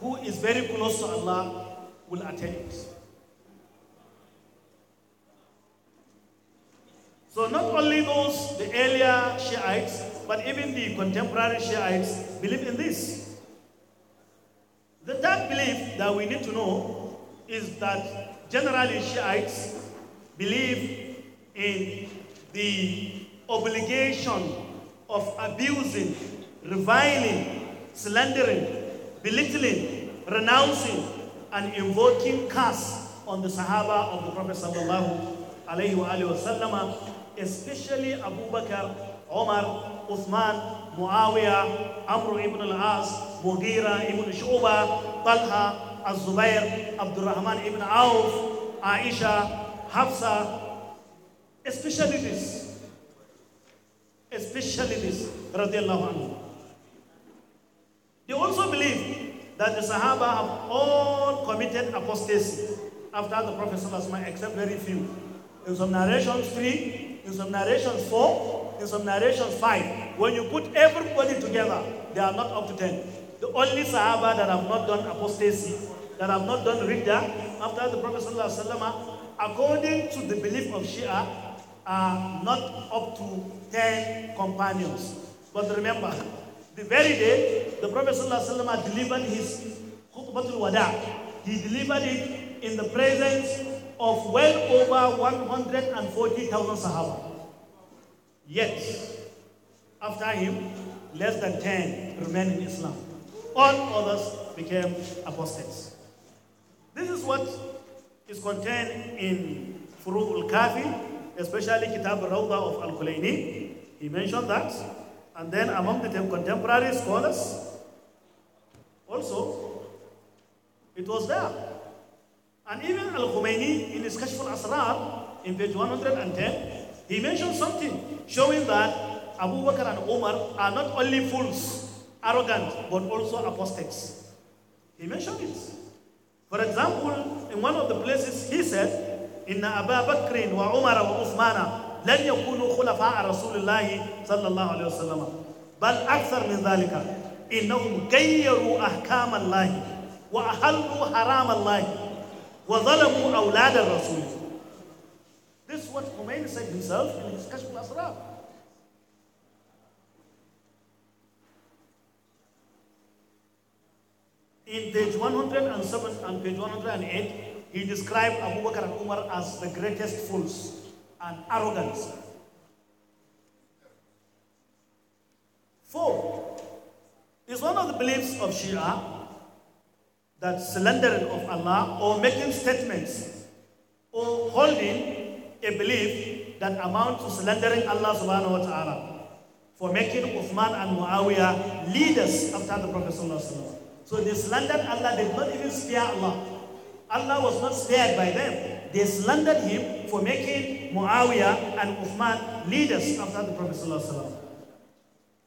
S1: who is very close to Allah will attain it. So not only those, the earlier Shiites, but even the contemporary Shiites believe in this. The third belief that we need to know is that generally Shiites believe in the obligation of abusing, reviling, slandering, belittling, renouncing, and invoking curse on the Sahaba of the Prophet sallallahu alaihi wasallam especially Abu Bakr, Omar, Uthman, Muawiyah, Amr ibn al-As, Mughira ibn Shu'ba, Talha, Az-Zubair, Abdurrahman ibn Auf, Aisha, Hafsa, especially this, especially this, radiallahu anhu. They also believe that the Sahaba have all committed apostasy after the Prophet except very few. In some narrations, three, in some narrations 4, in some narrations 5. When you put everybody together, they are not up to 10. The only Sahaba that have not done apostasy, that have not done Ridda, after the Prophet ﷺ, according to the belief of Shia, are not up to 10 companions. But remember, the very day the Prophet ﷺ delivered his khutbatul wada, he delivered it in the presence of well over 140,000 Sahaba. Yet, after him, less than 10 remain in Islam. All others became apostates. This is what is contained in Furu al Kafi, especially Kitab Rawda of Al Kulaini. He mentioned that. And then among the contemporary scholars, also, it was there. And even Al Khomeini, in his Kashf al Asrar, in page 110, he mentions something showing that Abu Bakr and Umar are not only fools, arrogant, but also apostates. He mentioned it. For example, in one of the places, he said, إن أبا بكر وعمر وعثمان لن يكونوا خلفاء رسول الله صلى الله عليه وسلم بل أكثر من ذلك إنهم غيروا أحكام الله وأحلوا حرام الله وَظَلَمُوا أَوْلَادَ الرَّسُولِ This is what Khomeini said himself in his Kashf al-Asrar. In page 107 and page 108, he described Abu Bakr and Umar as the greatest fools and arrogant. Four, is one of the beliefs of Shia that slandering of Allah or making statements or holding a belief that amounts to slandering Allah subhanahu wa ta'ala for making Uthman and Muawiyah leaders after the Prophet sallallahu So they slandered Allah, they did not even spare Allah. Allah was not spared by them. They slandered him for making Muawiyah and Uthman leaders after the Prophet sallallahu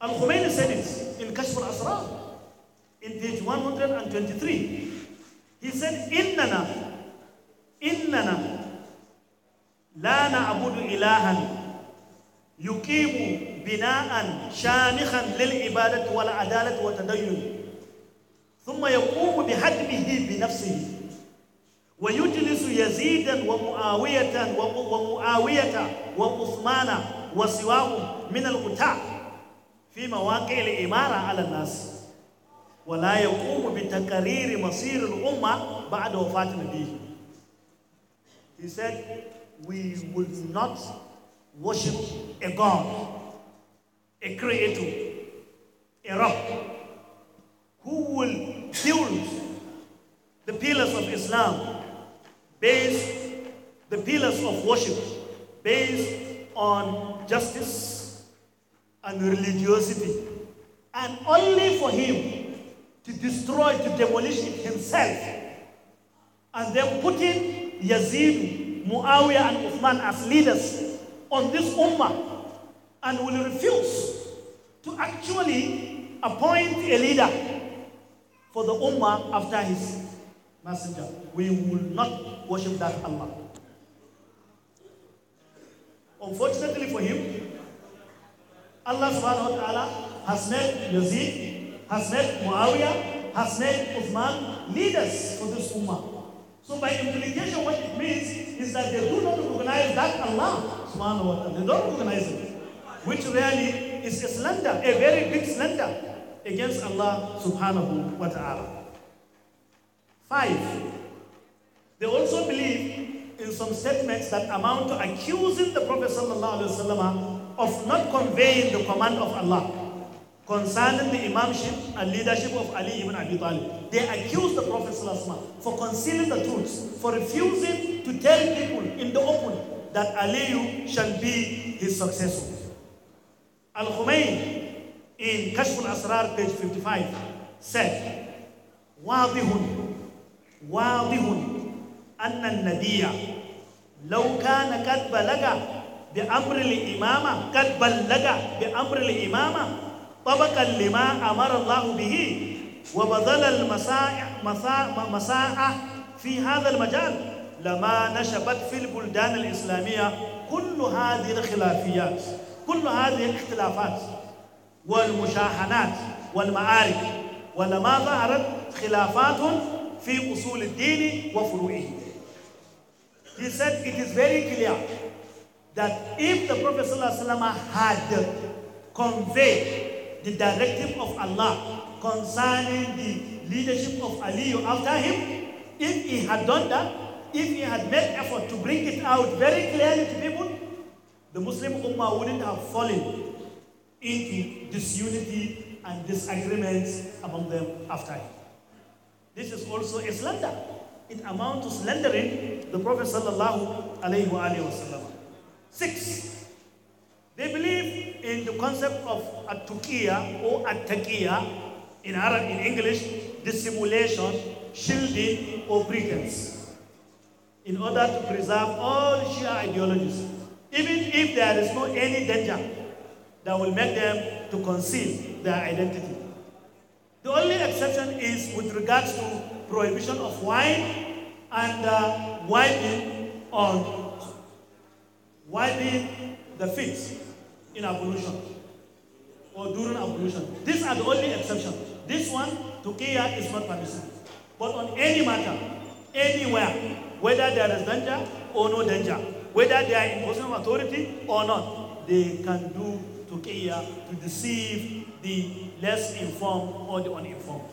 S1: Al-Khumayni said it in Kashf al-Asrar. in page 123. He said, إننا إننا لا نعبد إلها يقيم بناء شامخا للعبادة والعدالة والتدين ثم يقوم بهدمه بنفسه ويجلس يزيدا ومعاوية ومعاوية وعثمان وسواهم من القتاع في مواقع الإمارة على الناس ولا يقوم بتقرير مصير الأمة بعد وفاة النبي He said, we will not worship a God, a creator, a rock, who will build the pillars of Islam based, the pillars of worship based on justice and religiosity. And only for him to destroy, to demolish it himself, and then putting Yazid, Muawiyah, and Uthman as leaders on this ummah, and will refuse to actually appoint a leader for the ummah after his messenger. We will not worship that Allah. Unfortunately for him, Allah subhanahu wa ta'ala has made Yazid has made Muawiyah, has made Uthman leaders for this ummah. So by implication, what it means is that they do not recognize that Allah subhanahu wa ta'ala. They don't recognize it.
S2: Which really is a slander, a very big slander
S1: against Allah subhanahu wa ta'ala. Five, they also believe in some statements that amount to accusing the Prophet sallallahu alayhi of not conveying the command of Allah concerning the imamship and leadership of Ali ibn Abi Talib. They accused the Prophet for concealing the truth, for refusing to tell people in the open that Ali shall be his successor. Al Khumayn in Kashf al Asrar, page 55, said, واضح واضح أن النبي لو كان قد بلغ بأمر الإمامة قد بلغ بأمر الإمامة طبقا لما أمر الله به وبذل المساء مساء مساء في هذا المجال لما نشبت في البلدان الإسلامية كل هذه الخلافيات كل هذه الاختلافات والمشاحنات والمعارك ولما ظهرت خلافات في أصول الدين وفروعه He said it is very clear that if the Prophet صلى الله عليه وسلم had conveyed the directive of Allah concerning the leadership of Ali after him, if he had done that, if he had made effort to bring it out very clearly to people, the Muslim Ummah wouldn't have fallen into disunity and disagreements among them after him. This is also a slander. It amounts to slandering the Prophet sallallahu alaihi wasallam. Six, they believe in the concept of atukia or atakia in Arab, in English, dissimulation, shielding, or pretense, in order to preserve all Shia ideologies, even if there is no any danger that will make them to conceal their identity. The only exception is with regards to prohibition of wine and uh, wiping on wiping
S2: the feet
S1: in abolition or during abolition. These are the only exceptions. This one, tuqiyya is not permissible. But on any matter, anywhere, whether there is danger or no danger, whether they are in position of authority or not, they can do tuqiyya to deceive the less informed or the uninformed.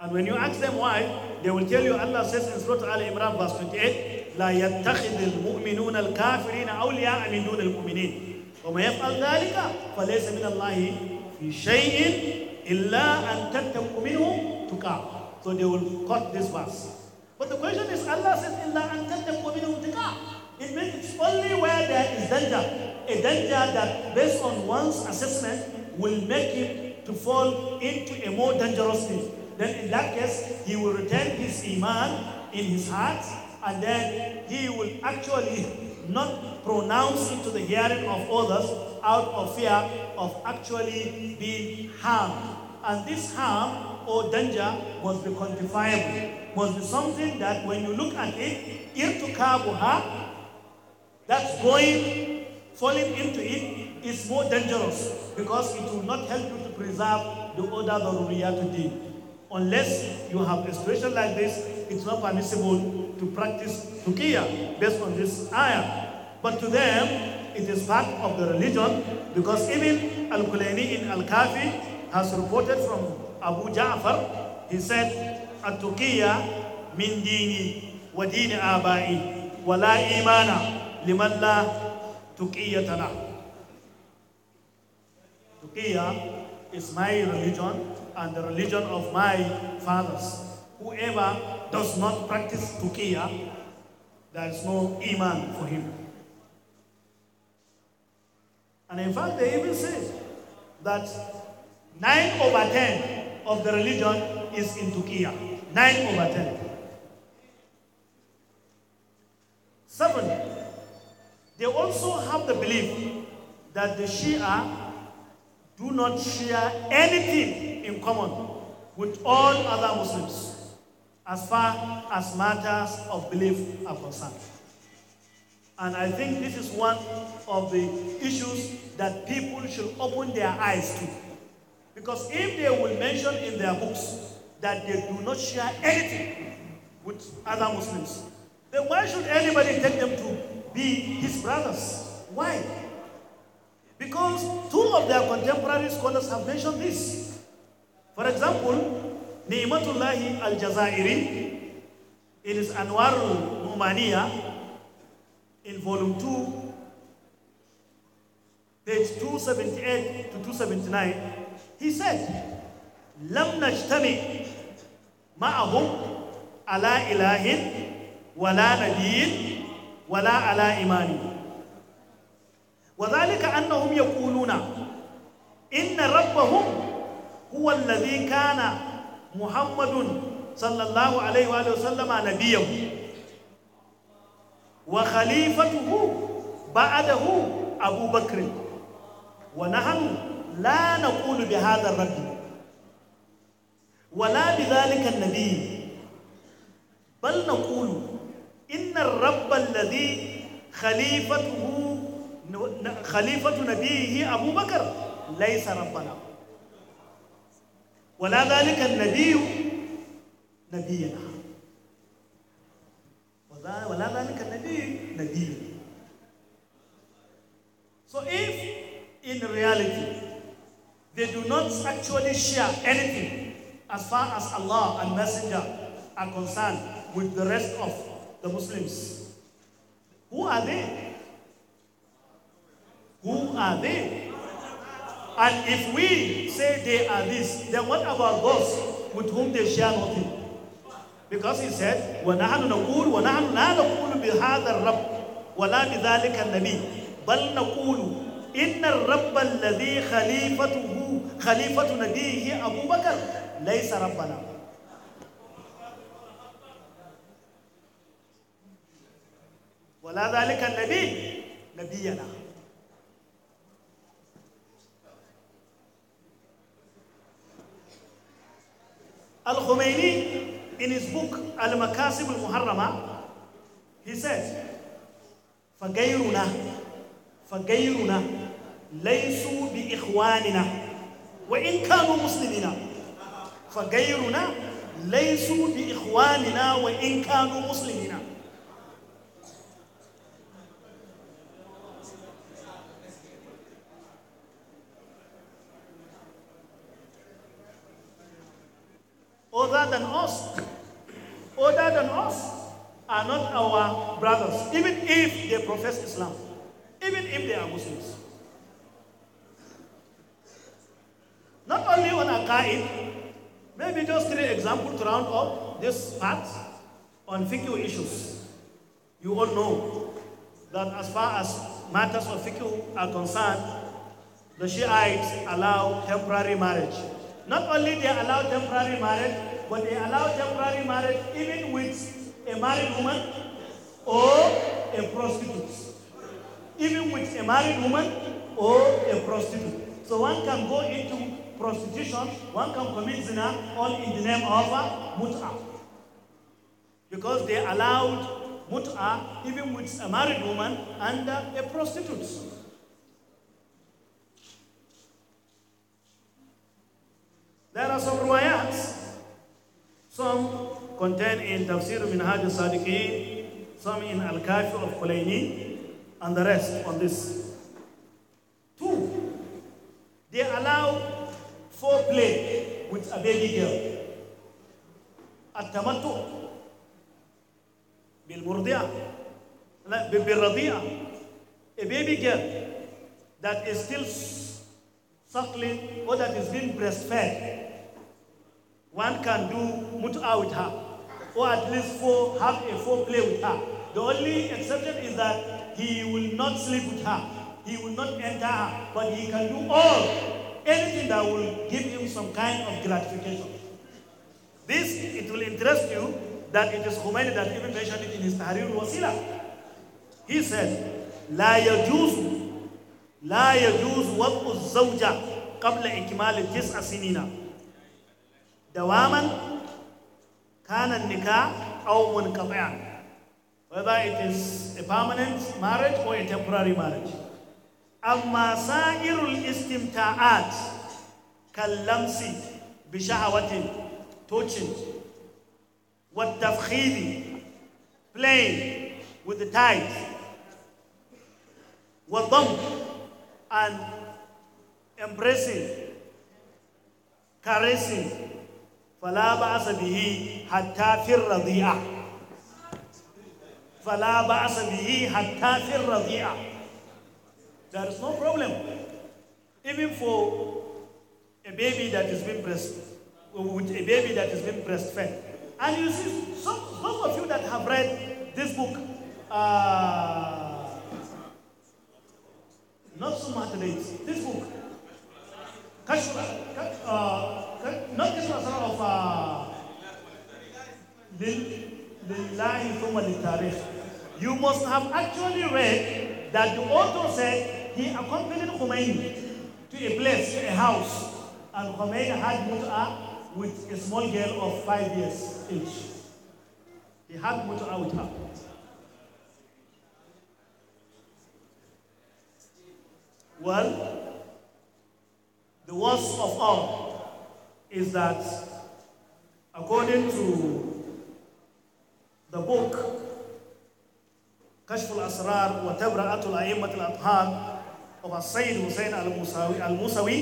S1: And when you ask them why, they will tell you Allah says in Surah Al Imran, verse 28, لا يتخذ المؤمنون الكافرين أولياء من دون المؤمنين وما يفعل ذلك فليس من الله في شيء إلا أن تتقوا منه تقع So they will cut this verse. But the question is, Allah says, إلا أن تتقوا منه تقع It means it's only where there is danger. A danger that based on one's assessment will make him to fall into a more dangerous thing. Then in that case, he will retain his iman in his heart and then he will actually not pronounce it to the hearing of others out of fear of actually being harmed. And this harm or danger must be quantifiable, must be something that when you look at it, irtukabuha, that's going, falling into it, is more dangerous because it will not help you to preserve the order that we are today. Unless you have a situation like this, it's not permissible to practice tukia based on this ayah. But to them, it is part of the religion because even Al-Kulayni in Al-Kafi has reported from Abu Ja'far, he said, At-Tuqiyah min dini wa dini abai wa la imana liman la tuqiyatana. Tuqiyah is my religion and the religion of my fathers. Whoever does not practice Tukia, there is no iman for him. And in fact, they even say that 9 over 10 of the religion is in Tukia. 9 over 10. 7. They also have the belief that the Shia do not share anything in common with all other Muslims as far as matters of belief are concerned. And I think this is one of the issues that people should open their eyes to. Because if they will mention in their books that they do not share anything with other Muslims, then why should anybody take them to be his brothers? Why? Because two of their contemporary scholars have mentioned this. For example, Ni'matullahi al-Jazairi in his Anwarul Numania in volume 2 page 278 to 279 he said لم نجتمع معهم على إله ولا نبي ولا على إيمان وذلك أنهم يقولون إن ربهم هو الذي كان محمد صلى الله عليه وآله وسلم نبيا وخليفته بعده أبو بكر ونحن لا نقول بهذا الرجل ولا بذلك النبي بل نقول إن الرب الذي خليفته خليفة نبيه أبو بكر ليس ربنا ولا ذلك النبي نبينا ولا ذلك النبي نبينا So if in reality they do not actually share anything as far as Allah and Messenger are concerned with the rest of the Muslims, who are they? Who are they? And if we say they are this, then what about those with whom they share nothing? Because he said, وَنَحْنُ نَقُولُ وَنَحْنُ لَا نَقُولُ بِهَذَا الرَّبِّ وَلَا بِذَلِكَ النَّبِيِّ بَلْ نَقُولُ إِنَّ الرَّبَّ الَّذِي خَلِيفَتُهُ خَلِيفَةُ نَبِيهِ أَبُو بَكَرَ لَيْسَ رَبَّنَا وَلَا ذَلِكَ النَّبِيِّ نَبِيَّنَا Al Khomeini, in his book Al Makasib al Muharrama, he says, Fagayruna, Fagayruna, Laysu bi Ikhwanina, wa in kanu Muslimina. Fagayruna, Laysu bi Ikhwanina, wa in kanu Muslimina. than us are not our brothers, even if they profess Islam, even if they are Muslims.
S2: Not only on Aqa'id,
S1: maybe just three examples to round up this part on fiqh issues. You all know that as far as matters of fiqh are concerned, the Shiites allow temporary marriage. Not only they allow temporary marriage, but they allow temporary marriage even with a married woman or a prostitute. Even with a married woman or a prostitute. So one can go into prostitution, one can commit zina, all in the name of muta, Because they allowed muta even with a married woman and a prostitute. There are some ruwayats some contained in Tafsir Minhaj al-Sadiqin, some in Al-Kafi of Khulaini, and the rest on this. Two, they allow foreplay with a baby girl. التمتع بالمرضعة لا بالرضيعة a baby girl that is still suckling or that is being breastfed one can do mut'a with her, or at least four, have a foreplay with her. The only exception is that he will not sleep with her, he will not enter her, but he can do all, anything that will give him some kind of gratification. This, it will interest you that it is Khomeini that even mentioned it in his Tahrir Wasila. He said, لا يجوز لا يجوز وضع الزوجة قبل إكمال تسع سنين دواما كان النكاح أو منقطعا whether it is a permanent marriage or a temporary marriage أما سائر الاستمتاعات كاللمس بشهوة touching والتفخيم playing with the tides والضم and embracing caressing فلا بأس به حتى في الرضيعة فلا بأس به حتى في الرضيعة There is no problem. Even for a baby that is being breast, with a baby that is being breastfed. And you see, some, some of you that have read this book, uh, not so much late, this book, Kashura, uh, not this masala of uh, from the litarikh. You must have actually read that the author said he accompanied Khomeini to a place, a house, and Khomeini had mut'a with a small girl of five years age. He had mut'a with her. Well, the worst of all, is that according to the book Kashf al-Asrar wa Tabra'at al al-Athhar of Sayyid Hussein al-Musawi, al-Musawi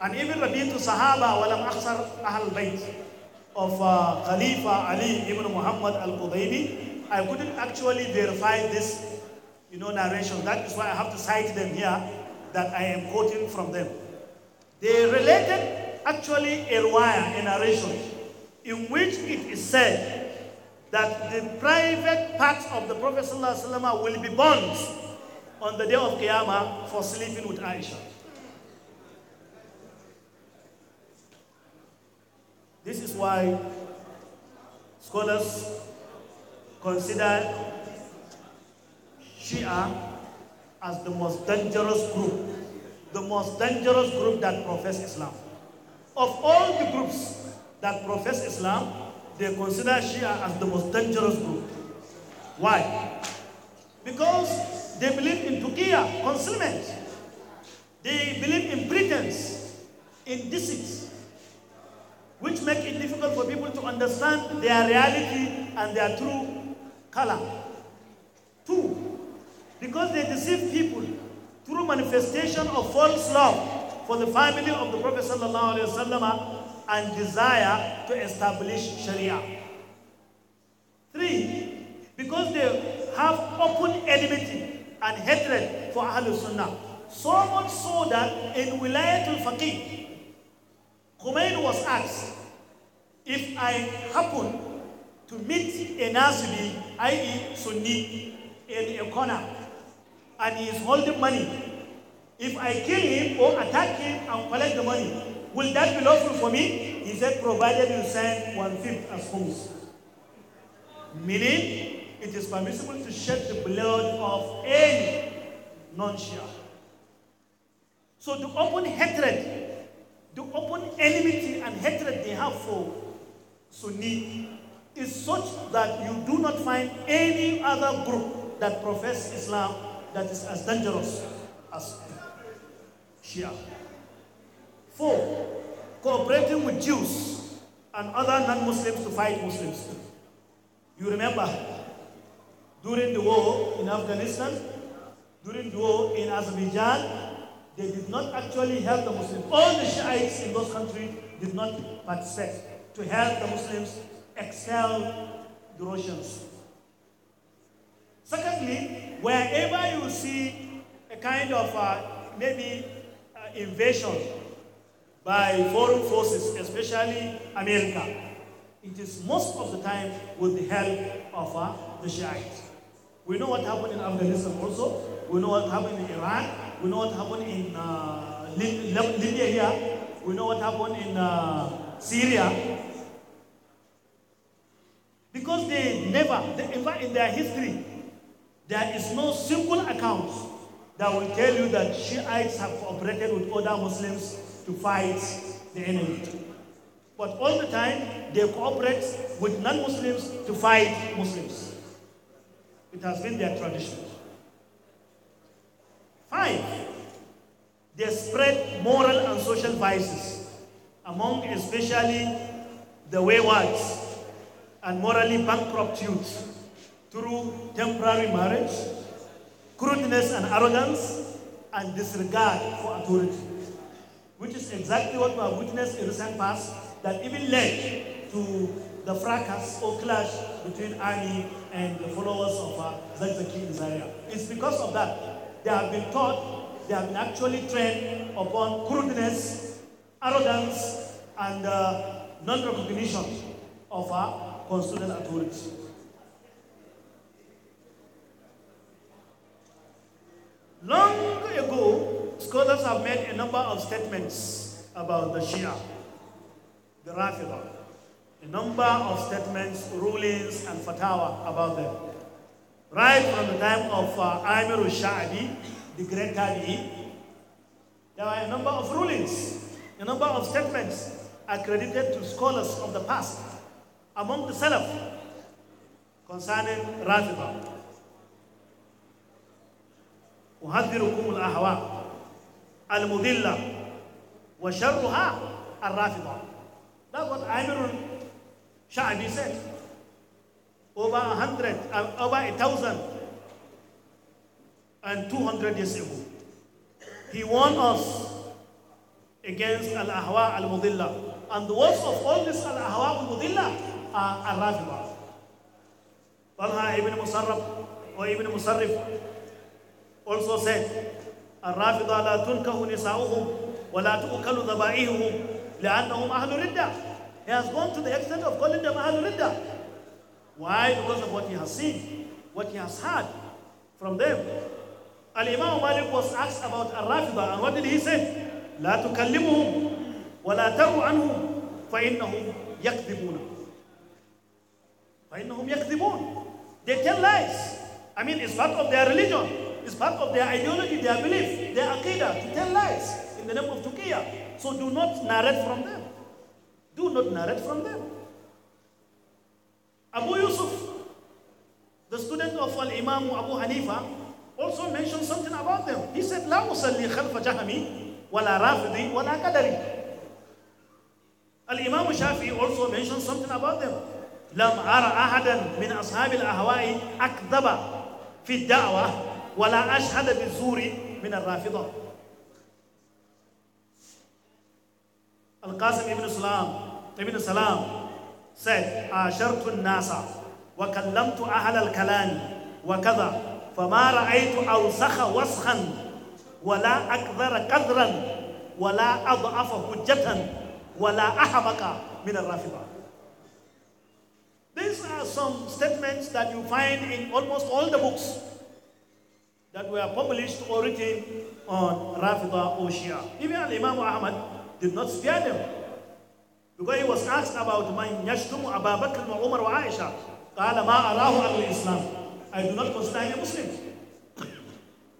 S1: and even Rabi'at al-Sahaba wa lam akhsar ahl bayt of uh, Khalifa Ali ibn Muhammad al-Qudaybi I couldn't actually verify this you know narration that is why I have to cite them here that I am quoting from them they related actually a wire, a narration, in which it is said that the private parts of the Prophet ﷺ will be burned on the day of Qiyamah for sleeping with Aisha. This is why scholars consider Shia as the most dangerous group, the most dangerous group that profess Islam. Of all the groups that profess Islam, they consider Shia as the most dangerous group. Why? Because they believe in Tukia, concealment. They believe in pretense, in deceit, which make it difficult for people to understand their reality and their true color. Two, because they deceive people through manifestation of false love for the family of the Prophet and desire to establish Sharia. Three, because they have open enmity and hatred for Ahlul Sunnah. So much so that in Wilayatul Faqih, Khomeini was asked, if I happen to meet a Nasibi, i.e. Sunni, in a corner, and he is holding money if I kill him or attack him and collect the money, will that be lawful for me? He said, provided you send one fifth as fools. Meaning, it is permissible to shed the blood of any non share. So the open hatred, the open enmity and hatred they have for Sunni is such that you do not find any other group that professes Islam that is as dangerous as Share Four, cooperating with Jews and other non Muslims to fight Muslims. You remember during the war in Afghanistan, during the war in Azerbaijan, they did not actually help the Muslims. All the Shiites in those countries did not participate to help the Muslims expel the Russians. Secondly,
S2: wherever you
S1: see a kind of uh, maybe invasion by foreign forces, especially America. It is most of the time with the help of uh, the Shiites. We know what happened in Afghanistan also. We know what happened in Iran. We know what happened in uh, Libya here. We know what happened in uh, Syria. Because they never, they, in fact, in their history, there is no simple account that will tell you that Shiites have cooperated with other Muslims to fight the enemy. But all the time, they cooperate with non Muslims to fight Muslims. It has been their tradition. Five, they spread moral and social vices among especially the wayward and morally bankrupt youth through temporary marriage crudeness and arrogance, and disregard for authority, which is exactly what we have witnessed in recent past that even led to the fracas or clash between Ali and the followers of uh, Zagzaki in Zaria. It's because of that. They have been taught, they have been actually trained upon crudeness, arrogance, and uh, non recognition of our constitutional authority. Long ago, scholars have made a number of statements about the Shia, the Rafida, a number of statements, rulings, and fatwa about them. Right from the time of uh, Amir al-Sha'bi, the great Tabi'i, there were a number of rulings, a number of statements accredited to scholars of the past among the Salaf concerning Rafida. أحذركم الأهواء المذلة وشرها الرافضة That's what Amir Sha'bi said. Over a hundred, uh, over a thousand and two hundred years ago. He warned us against Al-Ahwa al Mudilla. And the worst of all this Al-Ahwa al Mudilla are al Rajwa. Talha ibn Musarraf or ibn Musarrif also said, الرافضة لا تنكه نساؤهم ولا تؤكل ذبائحهم لأنهم أهل ردة. He has gone to the extent of calling them أهل ردة. Why? Because of what he has seen, what he has heard from them. Al-Imam Malik was asked about Ar-Rafida and what did he say? لا تكلمهم ولا تروا عنهم فإنهم يكذبون فإنهم يكذبون They tell lies. I mean, it's part of their religion. It's part of their ideology, their belief, their aqidah, to tell lies in the name of tuqiyya. So do not narrate from them. Do not narrate from them. Abu Yusuf, the student of Al Imam Abu Hanifa, also mentioned something about them. He said, لا أصلي خلف جهمي ولا رافضي ولا Al Imam Shafi also mentioned something about them. لم أرى أحدا من أصحاب الأهواء أكذب في الدعوة ولا أشهد بالزور من الرافضة القاسم ابن سلام ابن سلام said عاشرت الناس وكلمت أهل الكلام وكذا فما رأيت أوسخ وسخا ولا أكثر كذرا ولا أضعف حجة ولا أحبك من الرافضة These are some statements that you find in almost all the books that were published or written on Rafida or Shia. Even Imam Ahmad did not spare them. Because he was asked about my yashtum Abu Bakr wa Umar wa Aisha. قال ما أراه أهل الإسلام. I do not consider him a Muslim.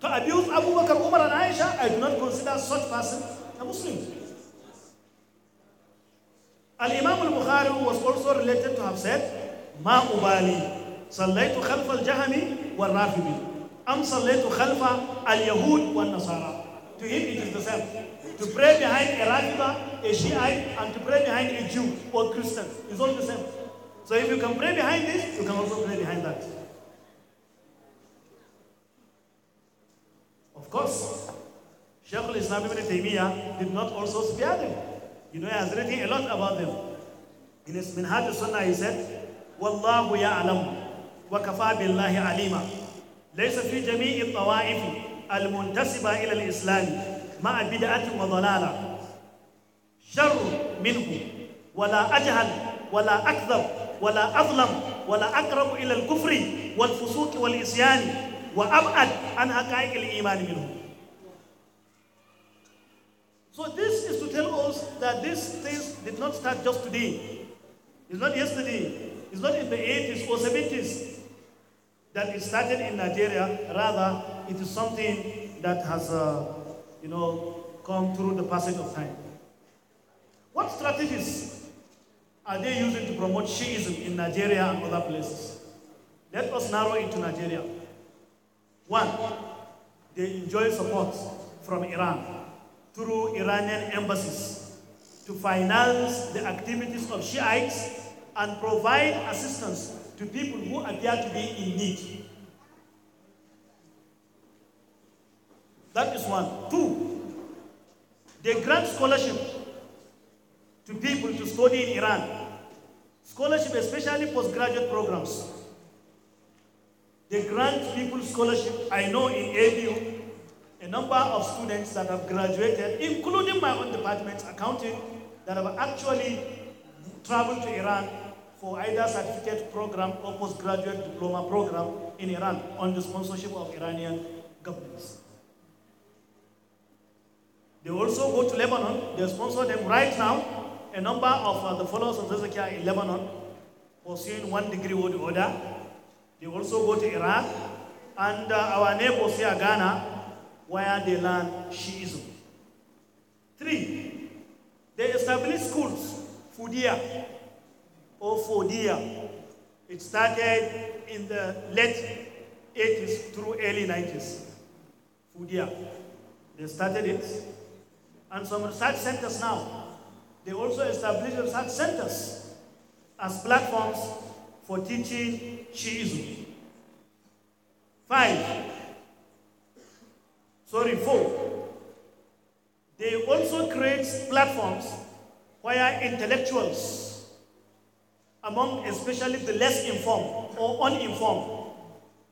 S1: to abuse Abu Bakr, Umar and Aisha, I do not consider such person a Muslim. Al-Imam al-Bukhari was also related to have said, ما أبالي صليت خلف الجهم والرافضي أم صليت خلف اليهود والنصارى To him it is the same. To pray behind a Rafida, a Shiite, and to pray behind a Jew or Christian is all the same. So if you can pray behind this, you can also pray behind that. Of course, Sheikh al-Islam ibn Taymiyyah did not also spare them. You know, he has written a lot about them. In his Minhaj al-Sunnah, he said, وَاللَّهُ يَعْلَمُ وَكَفَى بِاللَّهِ عَلِيمًا ليس في جميع الطوائف المنتسبة إلى الإسلام مع بدعة وضلالة شر منه ولا أجهل ولا أكذب ولا أظلم ولا أقرب إلى الكفر والفسوق والإسيان وأبعد عن حقائق الإيمان منه So this is to tell us that this thing did not start just today. It's not yesterday. It's not in the 80s or 70s. that it started in Nigeria. Rather, it is something that has, uh, you know, come through the passage of time. What strategies are they using to promote Shiism in Nigeria and other places? Let us narrow it to Nigeria. One, they enjoy support from Iran through Iranian embassies to finance the activities of Shiites and provide assistance to people who appear to be in need. That is one. Two, they grant scholarship to people to study in Iran. Scholarship, especially postgraduate programs. They grant people scholarship. I know in ABU, a number of students that have graduated, including my own department, accounting, that have actually traveled to Iran for either certificate program or postgraduate diploma program in Iran on the sponsorship of Iranian governments. They also go to Lebanon. They sponsor them right now. A number of uh, the followers of Zedekiah in Lebanon pursuing one degree or the They also go to Iraq and uh, our neighbors here, Ghana, where they learn Shiism.
S2: Three,
S1: they establish schools, Fudia, Ophonia. It started in the late 80s through early 90s. Fudia. They started it. And some research centers now. They also established research centers as platforms for teaching Shiism. Five. Sorry, four. They also create platforms where intellectuals among especially the less informed or uninformed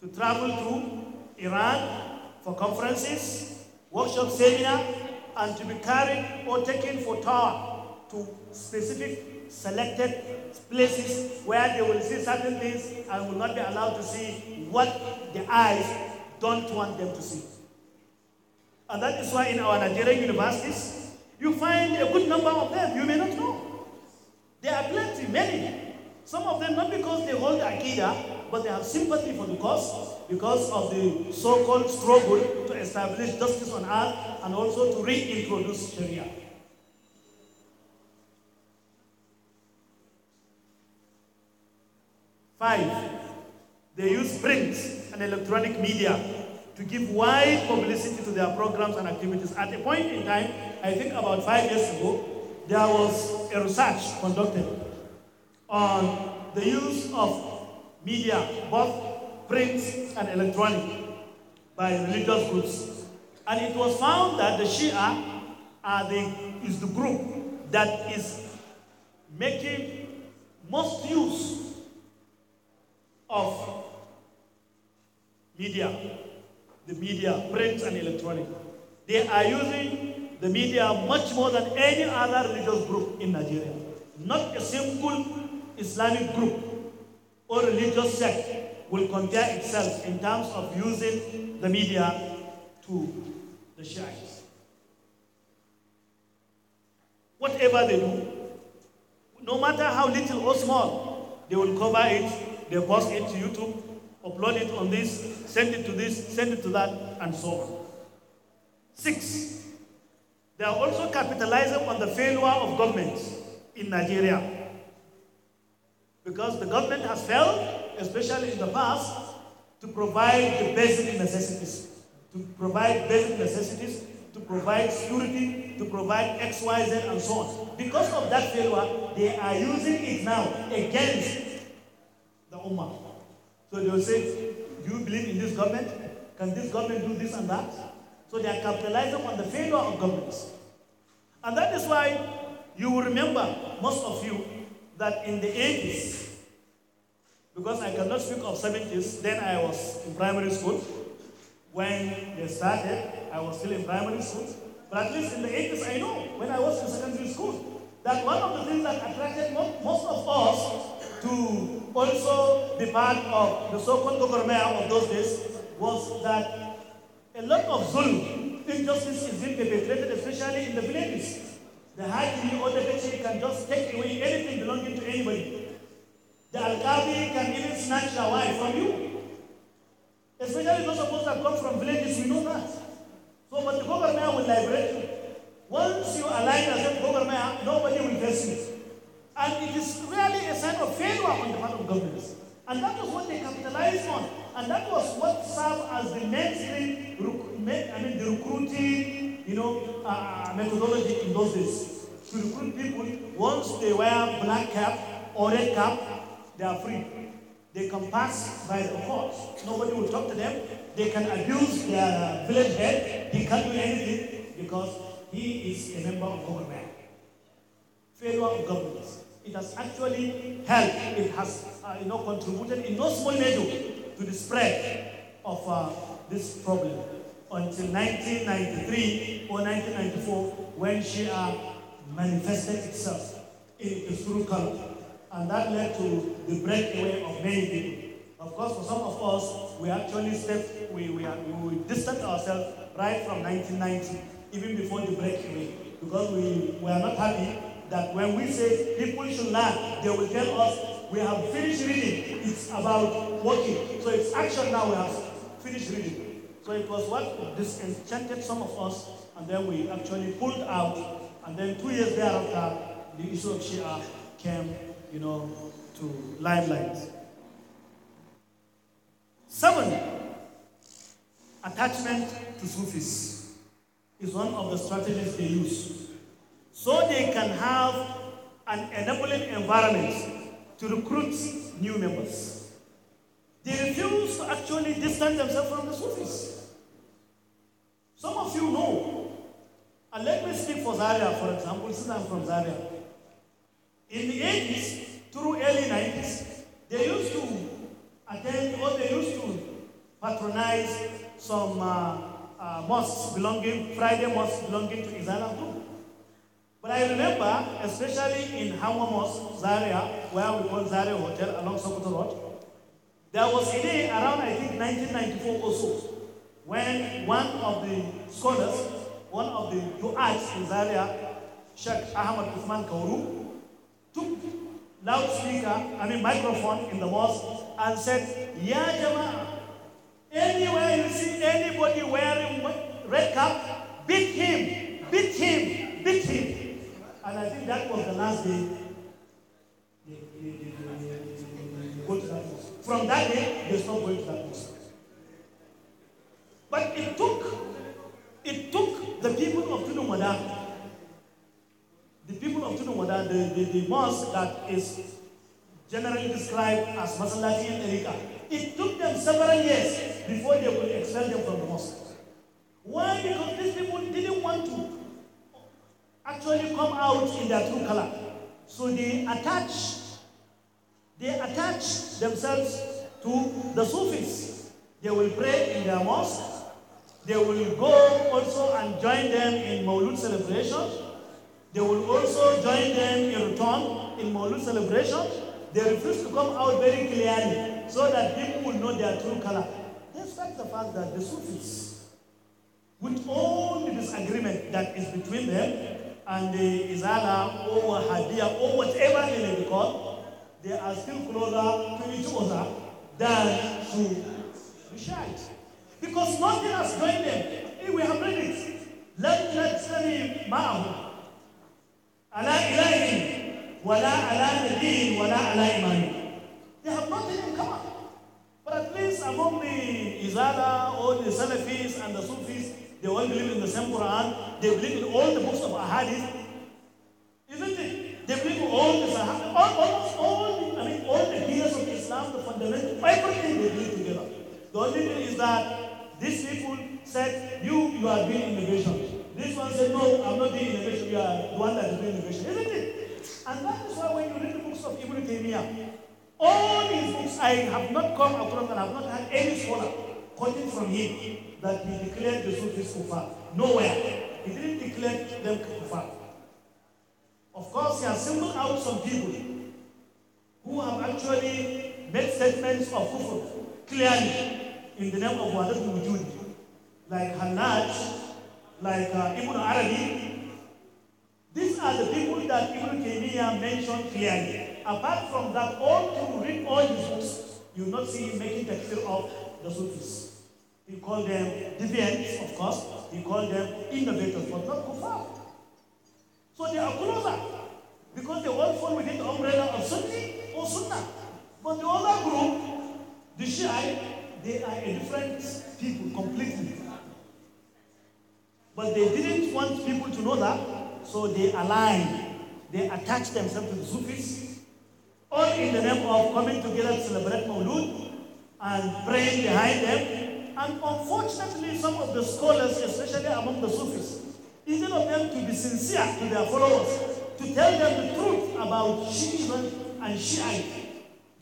S1: to travel to Iran for conferences, workshop seminar, and to be carried or taken for tour to specific selected places where they will see certain things and will not be allowed to see what the eyes don't want them to see. And that is why in our Nigerian universities, you find a good number of them you may not know. There are plenty, many. Some of them, not because they hold the Akida, but they have sympathy for the cause because of the so called struggle to establish justice on earth and also to reintroduce Sharia. Five, they use print and electronic media to give wide publicity to their programs and activities. At a point in time, I think about five years ago, there was a research conducted on the use of media, both print and electronic, by religious groups. And it was found that the Shia are the, is the group that is making most use of media, the media, print and electronic. They are
S2: using
S1: the media much more than any other religious group in Nigeria. Not a simple Islamic group or religious sect will compare itself in terms of using the media to the Shiites. Whatever they do, no matter how little or small, they will cover it, they post it to YouTube, upload it on this, send it to this, send it to that, and so on. Six, they are also capitalizing on the failure of governments in Nigeria because the government has failed, especially in the past, to provide the basic necessities. To provide basic necessities, to provide security, to provide X, Y, Z, and so on. Because of that failure, they are using it now against the Ummah. So they will say, Do you believe in this government? Can this government do this and that? So they are capitalizing on the failure of governments. And that is why you will remember, most of you, that in the 80s, because I cannot speak of 70s, then I was in primary school. When they started, I was still in primary school. But at least in the 80s, I know, when I was in secondary school, that one of the things that attracted most of us to also be part of the so-called government of those days was that a lot of Zulu injustice is being perpetrated, especially in the villages. The Hajj or the Fetchir can just take away anything belonging to anybody. The Al Qadi can even snatch your wife from you. Especially those of us that come from villages, we know that. So, but the government will liberate you. Once you align as a government, nobody will test it. And it is really a sign of failure on the part of governments. And that was what they capitalized on. And that was what served as the thing, I mean, the recruiting you know, uh, methodology in those days. To recruit people, once they wear black cap or red cap, they are free. They can pass by the courts. Nobody will talk to them. They can abuse their village head. He can't do anything because he is a member of government. Failure of government. It has actually helped. It has, uh, you know, contributed in no small measure to the spread of uh, this problem until 1993 or 1994 when she uh, manifested itself in its color. And that led to the breakaway of many people. Of course, for some of us, we actually stepped, we, we, we distanced ourselves right from 1990, even before the breakaway, because we were not happy that when we say people should learn, they will tell us we have finished reading. It's about working. So it's action now we have finished reading. So it was what disenchanted some of us, and then we actually pulled out. And then two years thereafter, the issue of Shia came, you know, to limelight. Seven, attachment to Sufis is one of the strategies they use. So they can have an enabling environment to recruit new members. They refuse to actually distance themselves from the Sufis. Some of you know. And let me speak for Zaria, for example, since I'm from Zaria. In the 80s through early 90s, they used to attend or they used to patronize some uh, uh, mosques belonging, Friday mosques belonging to Islam too. But I remember, especially in Hawa Mosque, Zaria, where we call Zaria Hotel along Sokoto Road, there was a day around, I think, 1994 or so, when one of the scholars, one of the UIs in Zaria, Sheikh Ahmad Uthman Kauru, took loudspeaker, I mean microphone in the mosque and said, Ya Jama'ah, anywhere you see anybody wearing red cap, beat him, beat him, beat him. And I think that was the last day. From that day, they stopped going to that mosque. But it took, it took the people of Tunumada, the people of Tunumada, the, the, the mosque that is generally described as Masalati and Erika, it took them several years before they could expel them from the mosque. Why? Because these people didn't want to actually come out in their true color. So they
S2: attach,
S1: they attach themselves to the Sufis. They will pray in their mosque. They will go also and join them in Maulud celebration. They will also join them in return in Maulud celebration. They refuse to come out very clearly so that people will know their true color. Despite the fact that the Sufis, with all the disagreement that is between them and the Izala or Hadia or whatever they may be called, they are still closer to each other than to Rishite. Because nothing has joined them. We have read it. Let نجتمع معهم على إله ولا Allah نبي ولا They have nothing in common. But at least among the Izala or the Salafis and the Sufis, they all believe in the same Quran. They believe in all the books of Ahadith. Isn't it? They believe in all the Sahaba, all, almost all, I mean, all the pillars of Islam, the fundamental, everything they believe together. The only thing is that these people said, you, you are doing innovation. This one said, no, I'm not doing innovation. You are the one that is doing innovation, isn't it? And that is why when you read the books of Ibn Taymiyyah, all these books I have not come across and I have not had any scholar quoting from him that he declared the Sufis kufar. Nowhere. He didn't declare them kufar. Of course, he has singled out some people who have actually made statements of kufr clearly in the name of Wahdat Wujud, like Hannaj, like uh, Ibn Arabi. These are the people that Ibn Taymiyyah mentioned clearly. Apart from that, all to read all his books, you will not see him making takfir of the Sufis. He called them deviants, of course. He called them innovators, but not kuffar. So they are closer because they all fall within the umbrella of Sunni or Sunnah. But the other group, the Shiite, they are a different people completely. But they didn't want people to know that, so they aligned. They attached themselves to the Sufis, all in the name of coming together to celebrate Maulud and praying behind them. And unfortunately, some of the scholars, especially among the Sufis, instead of them to be sincere to their followers, to tell them the truth about Shiism and Shiite,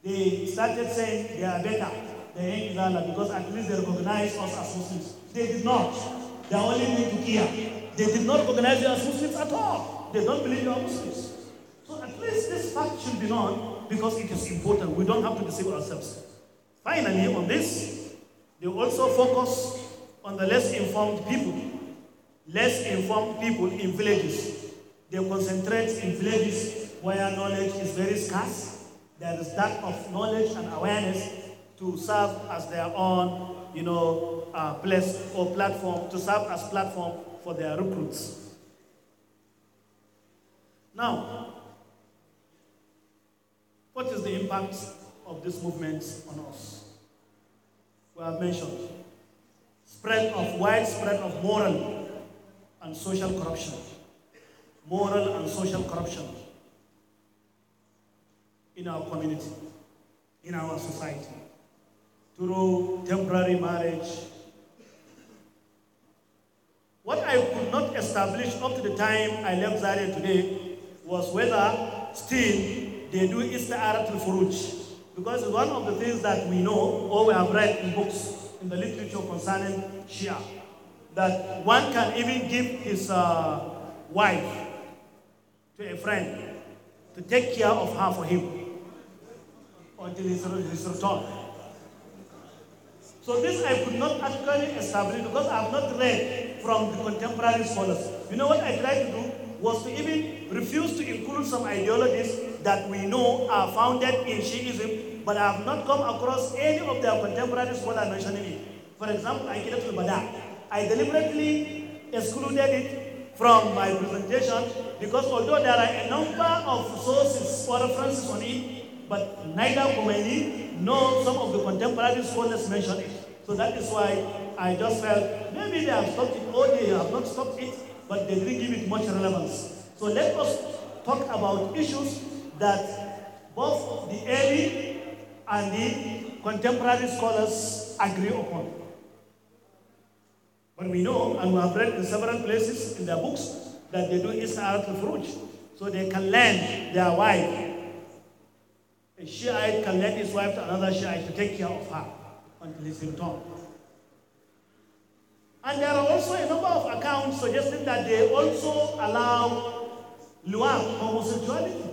S1: they started saying they are better the Hengizala because at least they recognize us as Muslims. They did not. They are only new to They did not recognize you as Muslims at all. They don't believe you are Muslims.
S2: So at least this fact
S1: should be known because it is important. We don't have to deceive ourselves. Finally, on this, they also focus on the less informed people. Less informed people in villages. They concentrate in villages where knowledge is very scarce. There is lack of knowledge and awareness to serve as their own, you know, uh, place or platform, to serve as platform for their recruits. Now, what is the impact of this movement on us? We have mentioned spread of widespread of moral and social corruption. Moral and social corruption in our community, in our society through temporary marriage. What I could not establish up to the time I left Zaria today was whether still they do Ista'arat al-Furuj. Because one of the things that we know or we have read in books, in the literature concerning Shia, that one can even give his uh, wife to a friend to take care of her for him until his, his return. So this I could not actually establish because I have not read from the contemporary scholars. You know what I tried to do was to even refuse to include some ideologies that we know are founded in Shiism, but I have not come across any of their contemporary scholars mentioning it. For example, I Akidatul Bada. I deliberately excluded it from my presentation because although there are a number of sources or references on it, but neither Khomeini nor some of the contemporary scholars mention it. So that is why I just felt maybe they have stopped it or oh, they have not stopped it, but they didn't give it much relevance. So let us talk about issues that both the early and the contemporary scholars agree upon. But we know, and we have read in several places in their books, that they do Eastern Arab refuge. So they can learn their wife a Shiite can let his wife to another Shiite to take care of her until he's returned. And there are also a number of accounts suggesting that they also allow luam, homosexuality.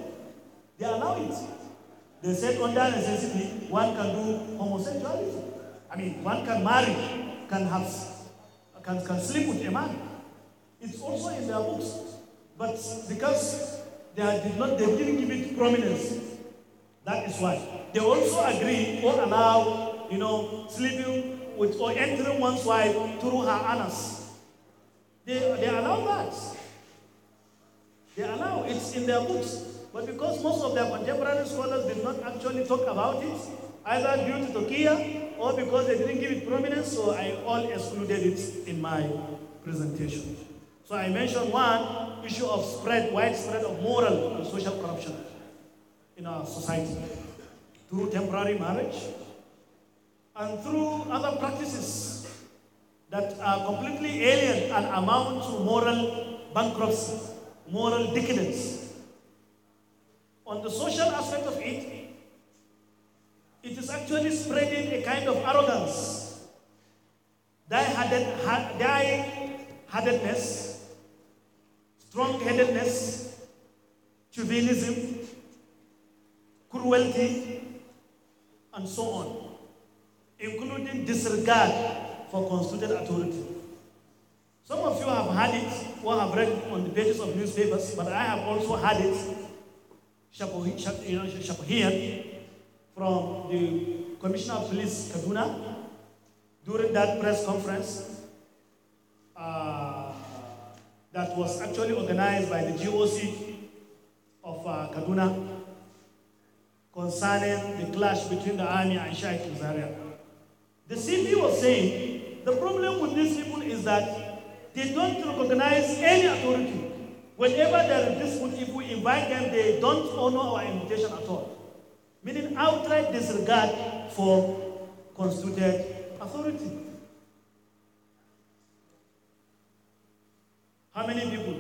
S1: They allow it. They said under necessity, one can do homosexuality. I mean, one can marry, can have, can, can sleep with a man. It's also in their books. But because they, did not, they didn't give it prominence, that is why. They also agree or allow, you know, sleeping with or entering one's wife through her anus. They, they allow that. They allow it's in their books. But because most of their contemporary scholars did not actually talk about it, either due to Turkey or because they didn't give it prominence, so I all excluded it in my presentation. So I mentioned one issue of spread, widespread of moral and social corruption in our society through temporary marriage and through other practices that are completely alien and amount to moral bankruptcy, moral decadence. On the social aspect of it, it is actually spreading a kind of arrogance, die-headedness, strong-headedness, chauvinism, cruelty, and so on, including disregard for constituted authority. Some of you have had it or have read on the pages of newspapers, but I have also had it here from the Commissioner of Police Kaduna during that press conference uh, that was actually organized by the GOC of uh, Kaduna concerning the clash between the army and Shaykh Zaria. The CP was saying the problem with these people is that they don't recognize any authority. Whenever there is dispute, if we invite them, they don't honor our invitation at all. Meaning outright disregard for constituted authority. How many people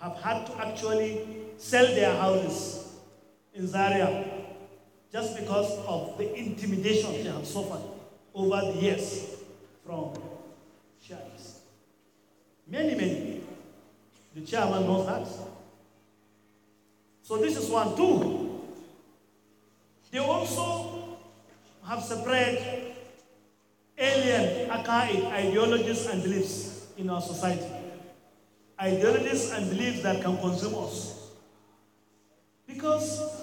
S1: have had to actually sell their houses in Zaria just because of the intimidation they have suffered over the years from Shias. Many, many. The chairman knows that. So this is one. Two, they also have spread alien, archaic ideologies and beliefs in our society. Ideologies and beliefs that can consume us. Because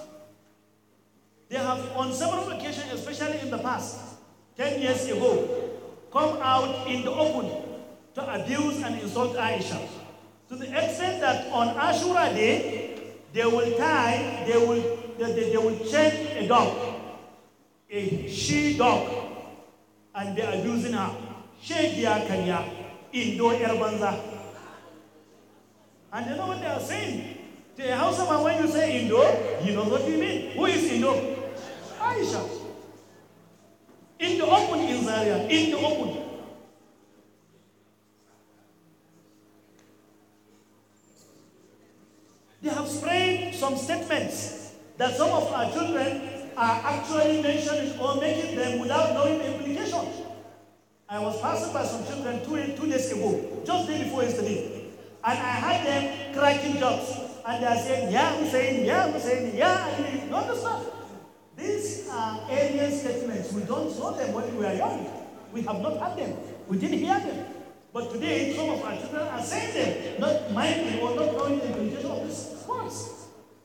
S1: they have, on several occasions, especially in the past, 10 years ago, come out in the open to abuse and insult Aisha. To the extent that on Ashura Day, they will tie, they will, they, they, they will chain a dog, a she dog, and they are abusing her. Shegia Kanya, Indo Erbanza. And you know what they are saying? The a house man, when you say Indo, he knows what you mean. Who is Indo? Aisha. In the open in in the open. They have spread some statements that some of our children are actually mentioning or making them without knowing the implications. I was passing by some children two, two days ago, just day before yesterday, and I heard them cracking jokes. And they are saying, Yeah, saying yeah, saying yeah, Ali. You understand? These uh, are alien statements. We don't know them when we are young. We have not had them. We didn't hear them. But today, some of our children are saying them, not minding or not knowing the implication of these words.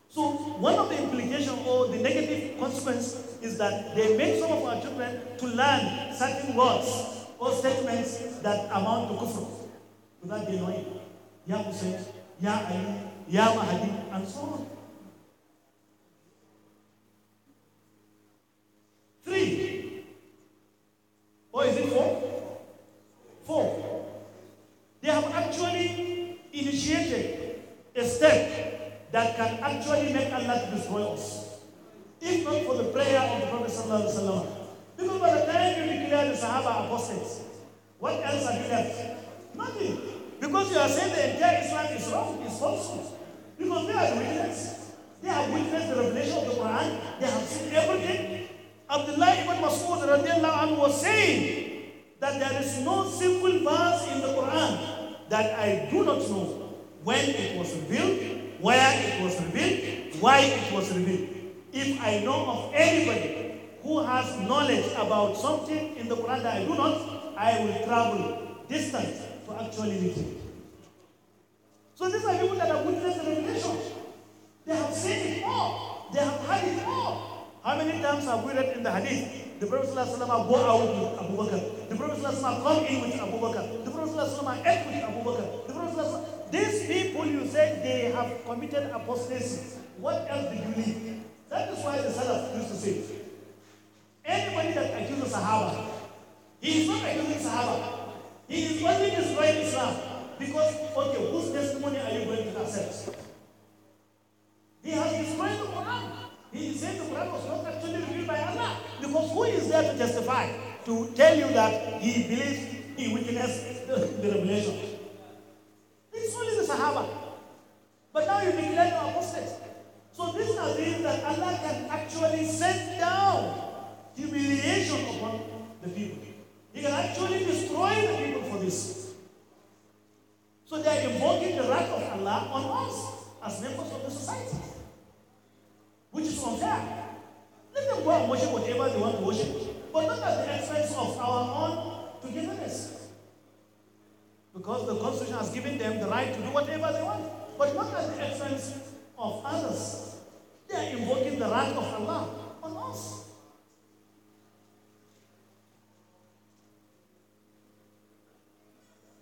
S1: So, one of the implications or the negative consequence is that they make some of our children to learn certain words or statements that amount to kufr without they knowing. Ya Hussein, Ya Ali, Ya mahadi, and so on. Three. Or is it four? Four. They have actually initiated a step that can actually make Allah to destroy us. If not for the prayer of the Prophet Sallallahu Because by the time you declare the Sahaba apostates, what else have you left? Nothing. Because you are saying the entire Islam is wrong, is false. Because they are witnesses. They have witnessed the revelation of the Quran. They have seen everything. Abdullah ibn Mas'ud anhu was saying that there is no single verse in the Quran that I do not know when it was revealed, where it was revealed, why it was revealed. If I know of anybody who has knowledge about something in the Quran that I do not, I will travel distance to actually meet it. So these are people that have witnessed the revelation. They have seen it all. They have had it all. How many times have we read in the hadith? The Prophet ﷺ go out with Abu Bakr. The Prophet come in with Abu Bakr. The Prophet ate with Abu Bakr. The Prophet these people you say they have committed apostasy. What else do you need? That is why the Salaf used to say, anybody that accuses Sahaba, he is not accusing Sahaba. He is only destroying Islam. Because, okay, whose testimony are you going to accept? He is saying the Quran was not actually revealed by Allah. Because who is there to testify? To tell you that he believes, he witnessed the, the revelation. It's only the Sahaba. But now you declare to apostates. So this means that Allah can actually send down humiliation upon the people. He can actually destroy the people for this. So they are invoking the wrath of Allah on us as members of the society which is there? Let them go and worship whatever they want to worship, but not at the expense of our own togetherness. Because the Constitution has given them the right to do whatever they want, but not at the expense of others. They are invoking the wrath of Allah on us.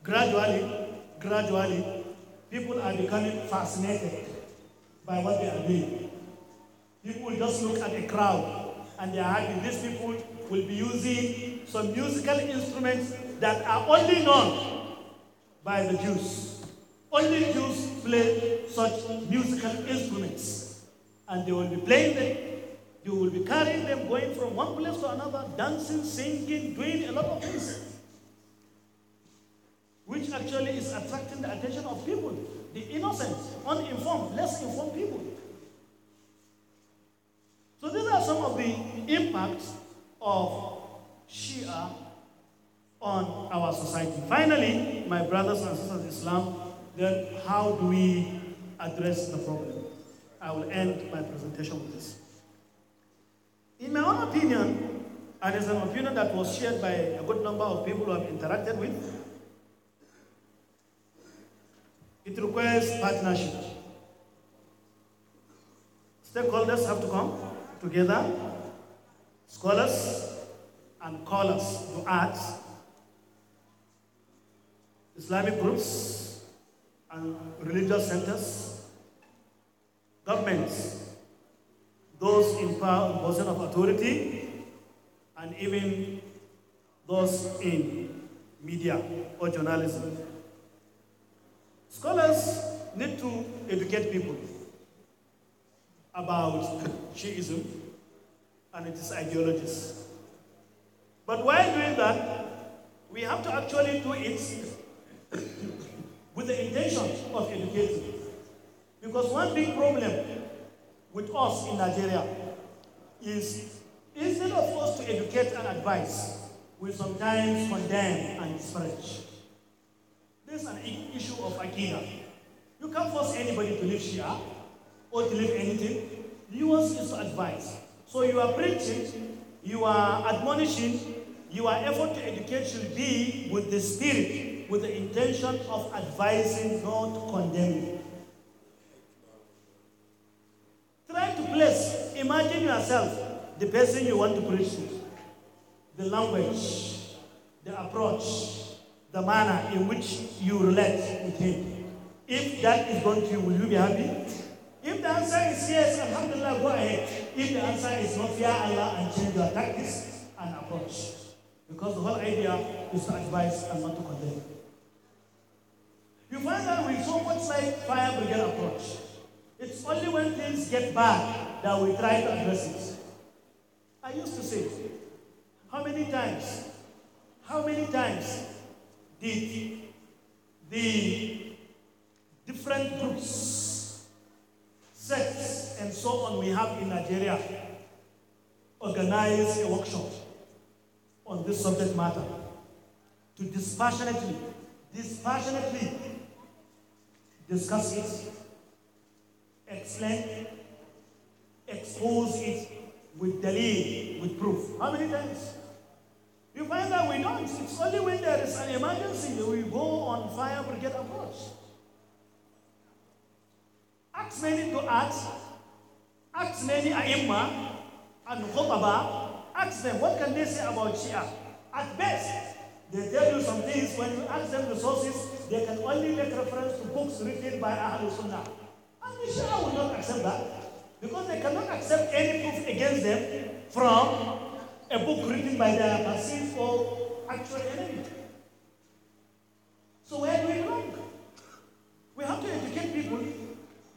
S1: Gradually, gradually, people are becoming fascinated by what they are doing. People will just look at the crowd and they are happy. These people will be using some musical instruments that are only known by the Jews. Only Jews play such musical instruments. And they will be playing them. They will be carrying them, going from one place to another, dancing, singing, doing a lot of things. Which actually is attracting the attention of people, the innocent, uninformed, less informed people. So these are some of the impacts of Shia on our society. Finally, my brothers and sisters in Islam, then how do we address the problem? I will end my presentation with this. In my own opinion, and it's an opinion that was shared by a good number of people who I've interacted with, it requires partnership. Stakeholders have to come together, scholars and callers, to du'ats, Islamic groups and religious centers, governments, those in power and position of authority, and even those in media or journalism. Scholars need to educate people about Shiism and its ideologies. But while doing that, we have to actually do it with the intention of educating. Because one big problem with us in Nigeria is instead of us to educate and advise, we sometimes condemn and disparage. There's an issue of Akira. You can't force anybody to live Shia or delete anything. Use his advice. So you are preaching, you are admonishing, your effort to educate should be with the spirit, with the intention of advising, not condemning. Try to place, imagine yourself, the person you want to preach to, the language, the approach, the manner in which you relate with him. If that is going to you, will you be happy? If the answer is yes, Alhamdulillah, go ahead. If the answer is not, fear Allah and change your tactics and approach. Because the whole idea is to advise and not to condemn. You find that we so much like fire brigade approach. It's only when things get bad that we try to address it. I used to say, how many times, how many times did the different groups sects, and so on we have in Nigeria organize a workshop on this subject matter to dispassionately, dispassionately discuss it, explain, expose it with delay, with proof. How many times? You find that we don't. It's only when there is an emergency that we go on fire brigade approach. Acts many to Acts. Acts many Aimma and Khotaba. Ask them, what can they say about Shia? At best, they tell you some things. When you ask them the sources, they can only make reference to books written by Ahlul Sunnah. And the Shia will not accept that because they cannot accept any proof against them from a book written by their perceived or actual enemy. So we are doing wrong. We have to educate people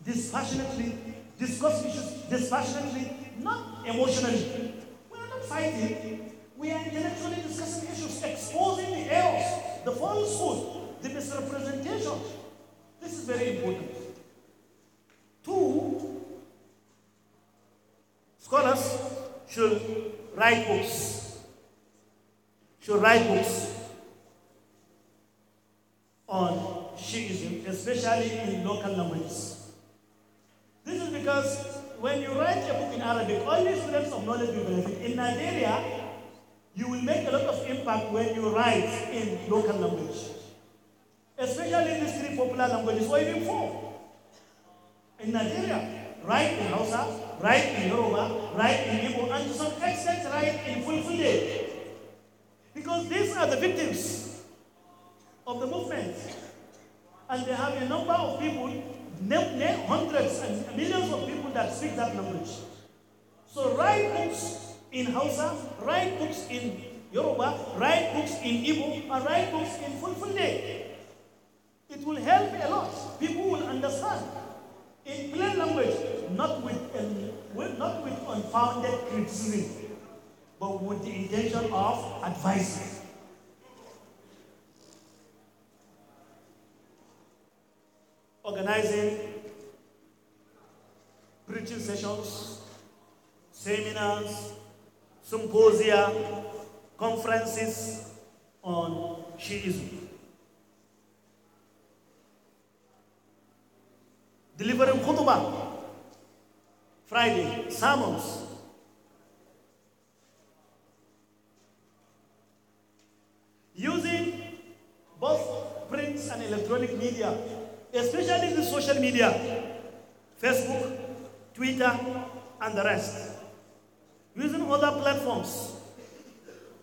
S1: dispassionately, discuss issues dispassionately, not
S2: emotionally.
S1: We are not fighting. We are intellectually discussing issues, exposing the errors, the falsehood, the misrepresentation. This is very important. Two, scholars should write books. Should write books on Shiism, especially in local languages. This is because when you write a book in Arabic, only students of knowledge will benefit. In Nigeria, you will make a lot of impact when you write in local language, especially in these three popular languages or even four. In Nigeria, write in Hausa, write in Yoruba, write in Igbo, and to some extent, write in Fulfulde. Because these are the victims of the movement. And they have a number of people hundreds and millions of people that speak that language. So write books in Hausa, write books in Yoruba, write books in Igbo, and write books in Fulfulde. It will help a lot. People will understand in plain language, not with, not with unfounded criticism, but with the intention of advising. organizing preaching sessions, seminars, symposia, conferences on Shiism. Delivering khutbah, Friday, sermons, using both print and electronic media especially the social media, Facebook, Twitter, and the rest. Using other platforms,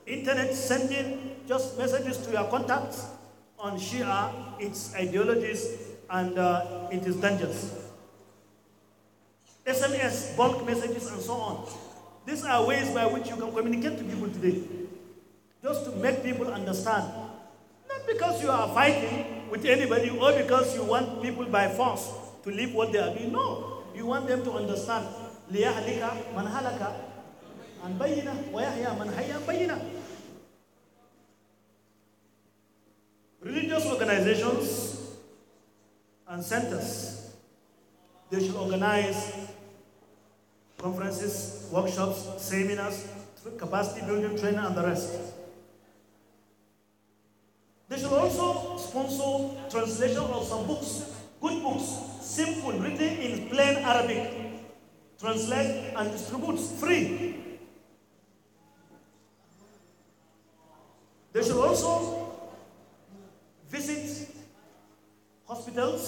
S1: internet sending just messages to your contacts on Shia, its ideologies, and uh, it is dangerous. SMS, bulk messages, and so on. These are ways by which you can communicate to people today. Just to make people understand. Not because you are fighting, with anybody or because you want people by force to leave what they are doing. No, you want them to understand. Religious organizations and centers, they should organize conferences, workshops, seminars, capacity building training, and the rest. They should also sponsor translation of some books, good books, simple, written in plain Arabic. Translate and distribute free. They should also visit hospitals,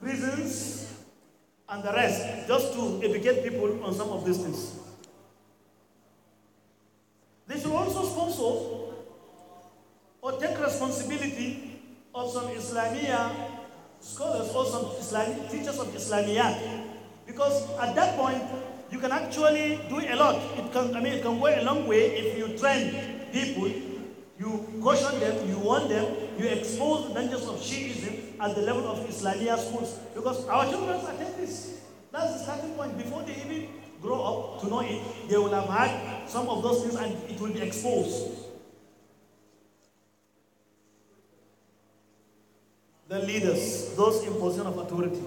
S1: prisons, and the rest, just to educate people on some of these things. They should also sponsor or take responsibility of some Islamia scholars or some Islamic teachers of Islamia, Because at that point, you can actually do a lot. It can, I mean, it can go a long way if you train people, you caution them, you warn them, you expose the dangers of Shiism at the level of Islamia schools. Because our children
S2: attend this.
S1: That's the starting point before they even grow up to know it, they will have had some of those things and it will be exposed. The leaders, those in position of authority,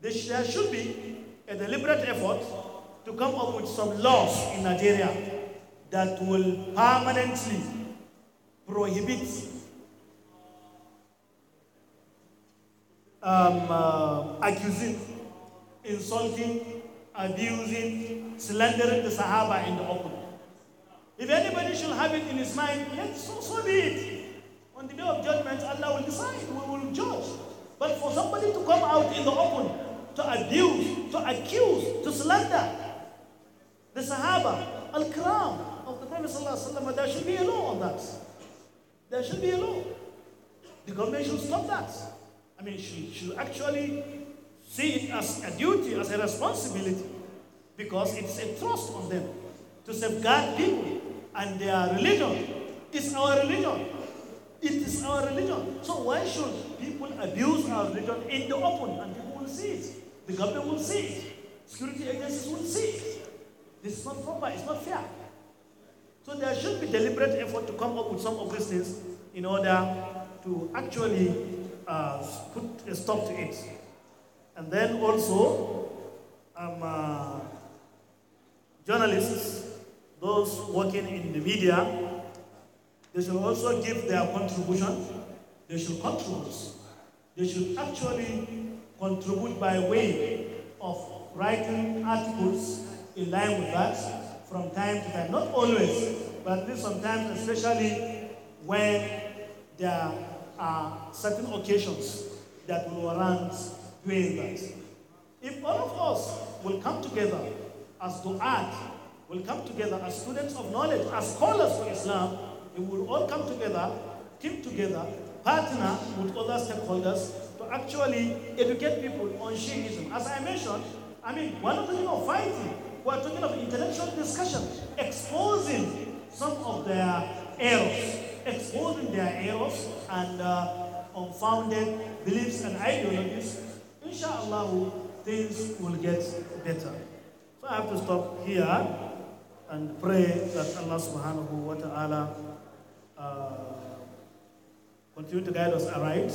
S1: there should be a deliberate effort to come up with some laws in Nigeria that will permanently prohibit um, uh, accusing, insulting, abusing, slandering the Sahaba in the open. If anybody should have it in his mind, yes, so, so be it. On the day of judgment, Allah will decide, we will judge. But for somebody to come out in the open, to abuse, to accuse, to slander the Sahaba, Al khram of the Prophet, ﷺ, there should be a law on that. There should be a law. The government should stop that. I mean, she should actually see it as a duty, as a responsibility, because it's a trust on them to safeguard people and their religion. It's our religion. It is our religion. So why should people abuse our religion in the open and people will see it? The government will see it. Security agencies will see it. This is not proper. It's not fair. So there should be deliberate effort to come up with some of these things in order to actually uh, put a stop to it and then also um, uh, journalists, those working in the media, they should also give their contribution. They should contribute. They should actually contribute by way of writing
S2: articles
S1: in line with that from time to time. Not always, but at least sometimes, especially when there are certain occasions that will warrant doing that. If all of us will come together as du'at, will come together as students of knowledge, as scholars for Islam, we will all come together, team together, partner with other stakeholders to actually educate people on Shiism. As I mentioned, I mean, we're not talking of fighting, we're talking of intellectual discussion, exposing some of their errors, exposing their errors and uh, unfounded beliefs and ideologies inshallah, things will get better. So I have to stop here and pray that Allah subhanahu wa ta'ala uh, continue to guide us aright.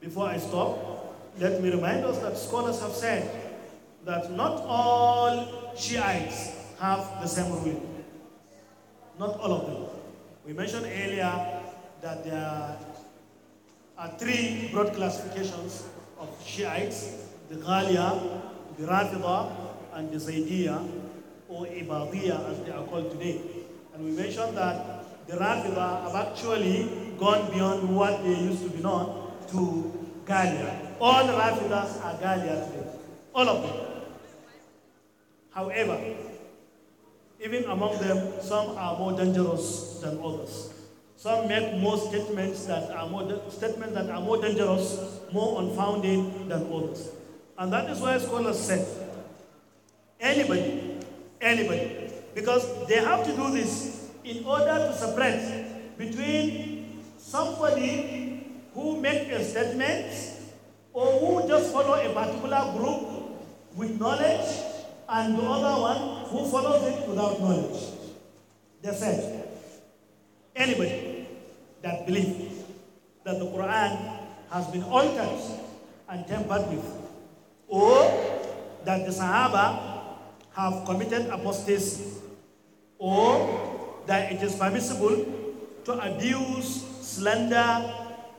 S1: Before I stop, let me remind us that scholars have said that not all Shiites have the same ruling. Not all of them. We mentioned earlier that there are are three broad classifications of Shiites, the Ghalia, the Rafida, and the Zaydiya, or Ibadiya, as they are called today. And we mentioned that the Rafida have actually gone beyond what they used to be known to Ghalia. All Rafidas are Ghalia today. All of them. However, even among them, some are more dangerous than others. Some make more statements that are more, statements that are more dangerous, more unfounded than others. And that is why scholars say anybody, anybody, because they have to do this in order to separate between somebody who makes a statement or who just follow a particular group with knowledge and the other one who follows it without knowledge. They said, anybody that believe that the Quran has been altered and tampered with, or that the Sahaba have committed apostasy, or that it is permissible to abuse, slander,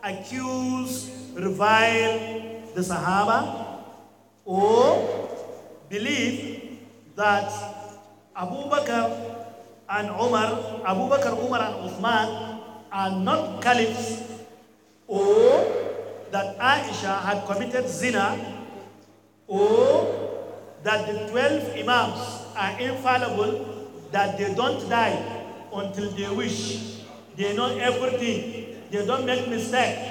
S1: accuse, revile the Sahaba, or believe that Abu Bakr and Umar, Abu Bakr, Umar, and Uthman are not caliphs or that Aisha had committed zina or that the 12 imams are infallible, that they don't die until they wish. They know everything. They don't make mistakes,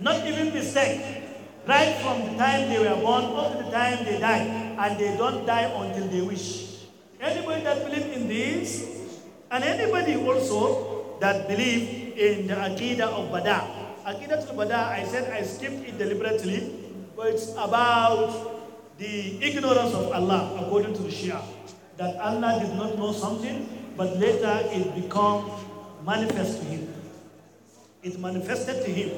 S1: Not even mistakes, Right from the time they were born up to the time they die. And they don't die until they wish. Anybody that believes in this, and anybody also that believes in the Aqidah of Bada. Aqidah of Bada, I said I skipped it deliberately, but it's about the ignorance of Allah according to the Shia. That Allah did not know something, but later it became manifest to him. It manifested to him,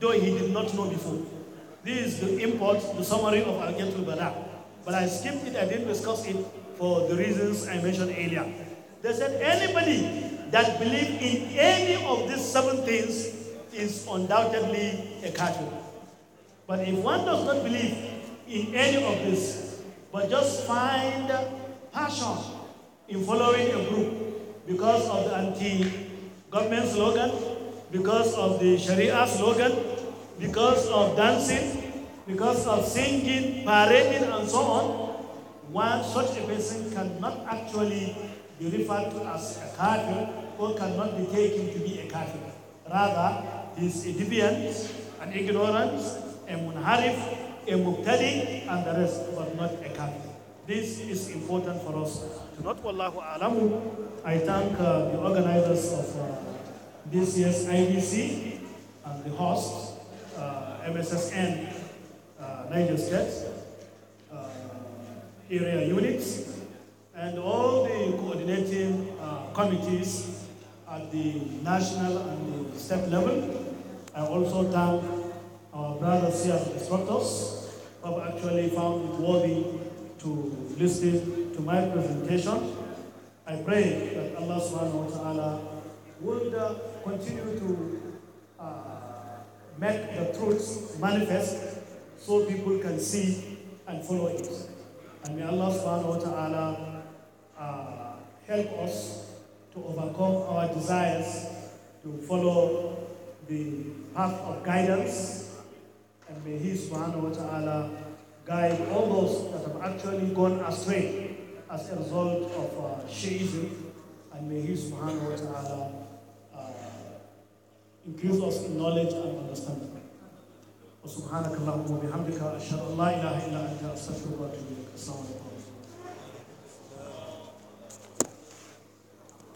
S1: though he did not know before. This is the import, the summary of akida of Bada. But I skipped it, I didn't discuss it for the reasons I mentioned earlier. They said anybody that believe in any of these seven things is undoubtedly a Catholic. But if one does not believe in any of this, but just find passion in following a group because of the anti-government slogan, because of the Sharia slogan, because of dancing,
S2: because of singing, parading, and so on,
S1: one such a person cannot actually be referred to as a cardinal Paul cannot be taken to be a kafir. Rather, he is a deviant, an ignorant, a munharif, a mubtadi, and the rest, but not a kafir. This is important for us to not wallahu alam. I thank uh, the organizers of uh, this year's IBC and the hosts, uh, MSSN uh, Niger State uh, area units, and all the coordinating uh, committees at the national and the state level. I also thank our brothers here, instructors, who have actually found it worthy to listen to my presentation. I pray that Allah subhanahu wa ta'ala would uh, continue to uh, make the truth manifest so people can see and follow it. And may Allah subhanahu wa ta'ala uh, help us to overcome our desires to follow the path of guidance. And may He subhanahu wa ta'ala guide all those that have actually gone astray as a result of uh, Shiism. And may He subhanahu wa ta'ala uh, increase us in knowledge and understanding. وسبحانك اللهم وبحمدك أشهد أن لا إله إلا أنت أستغفرك وأتوب
S2: إليك السلام عليكم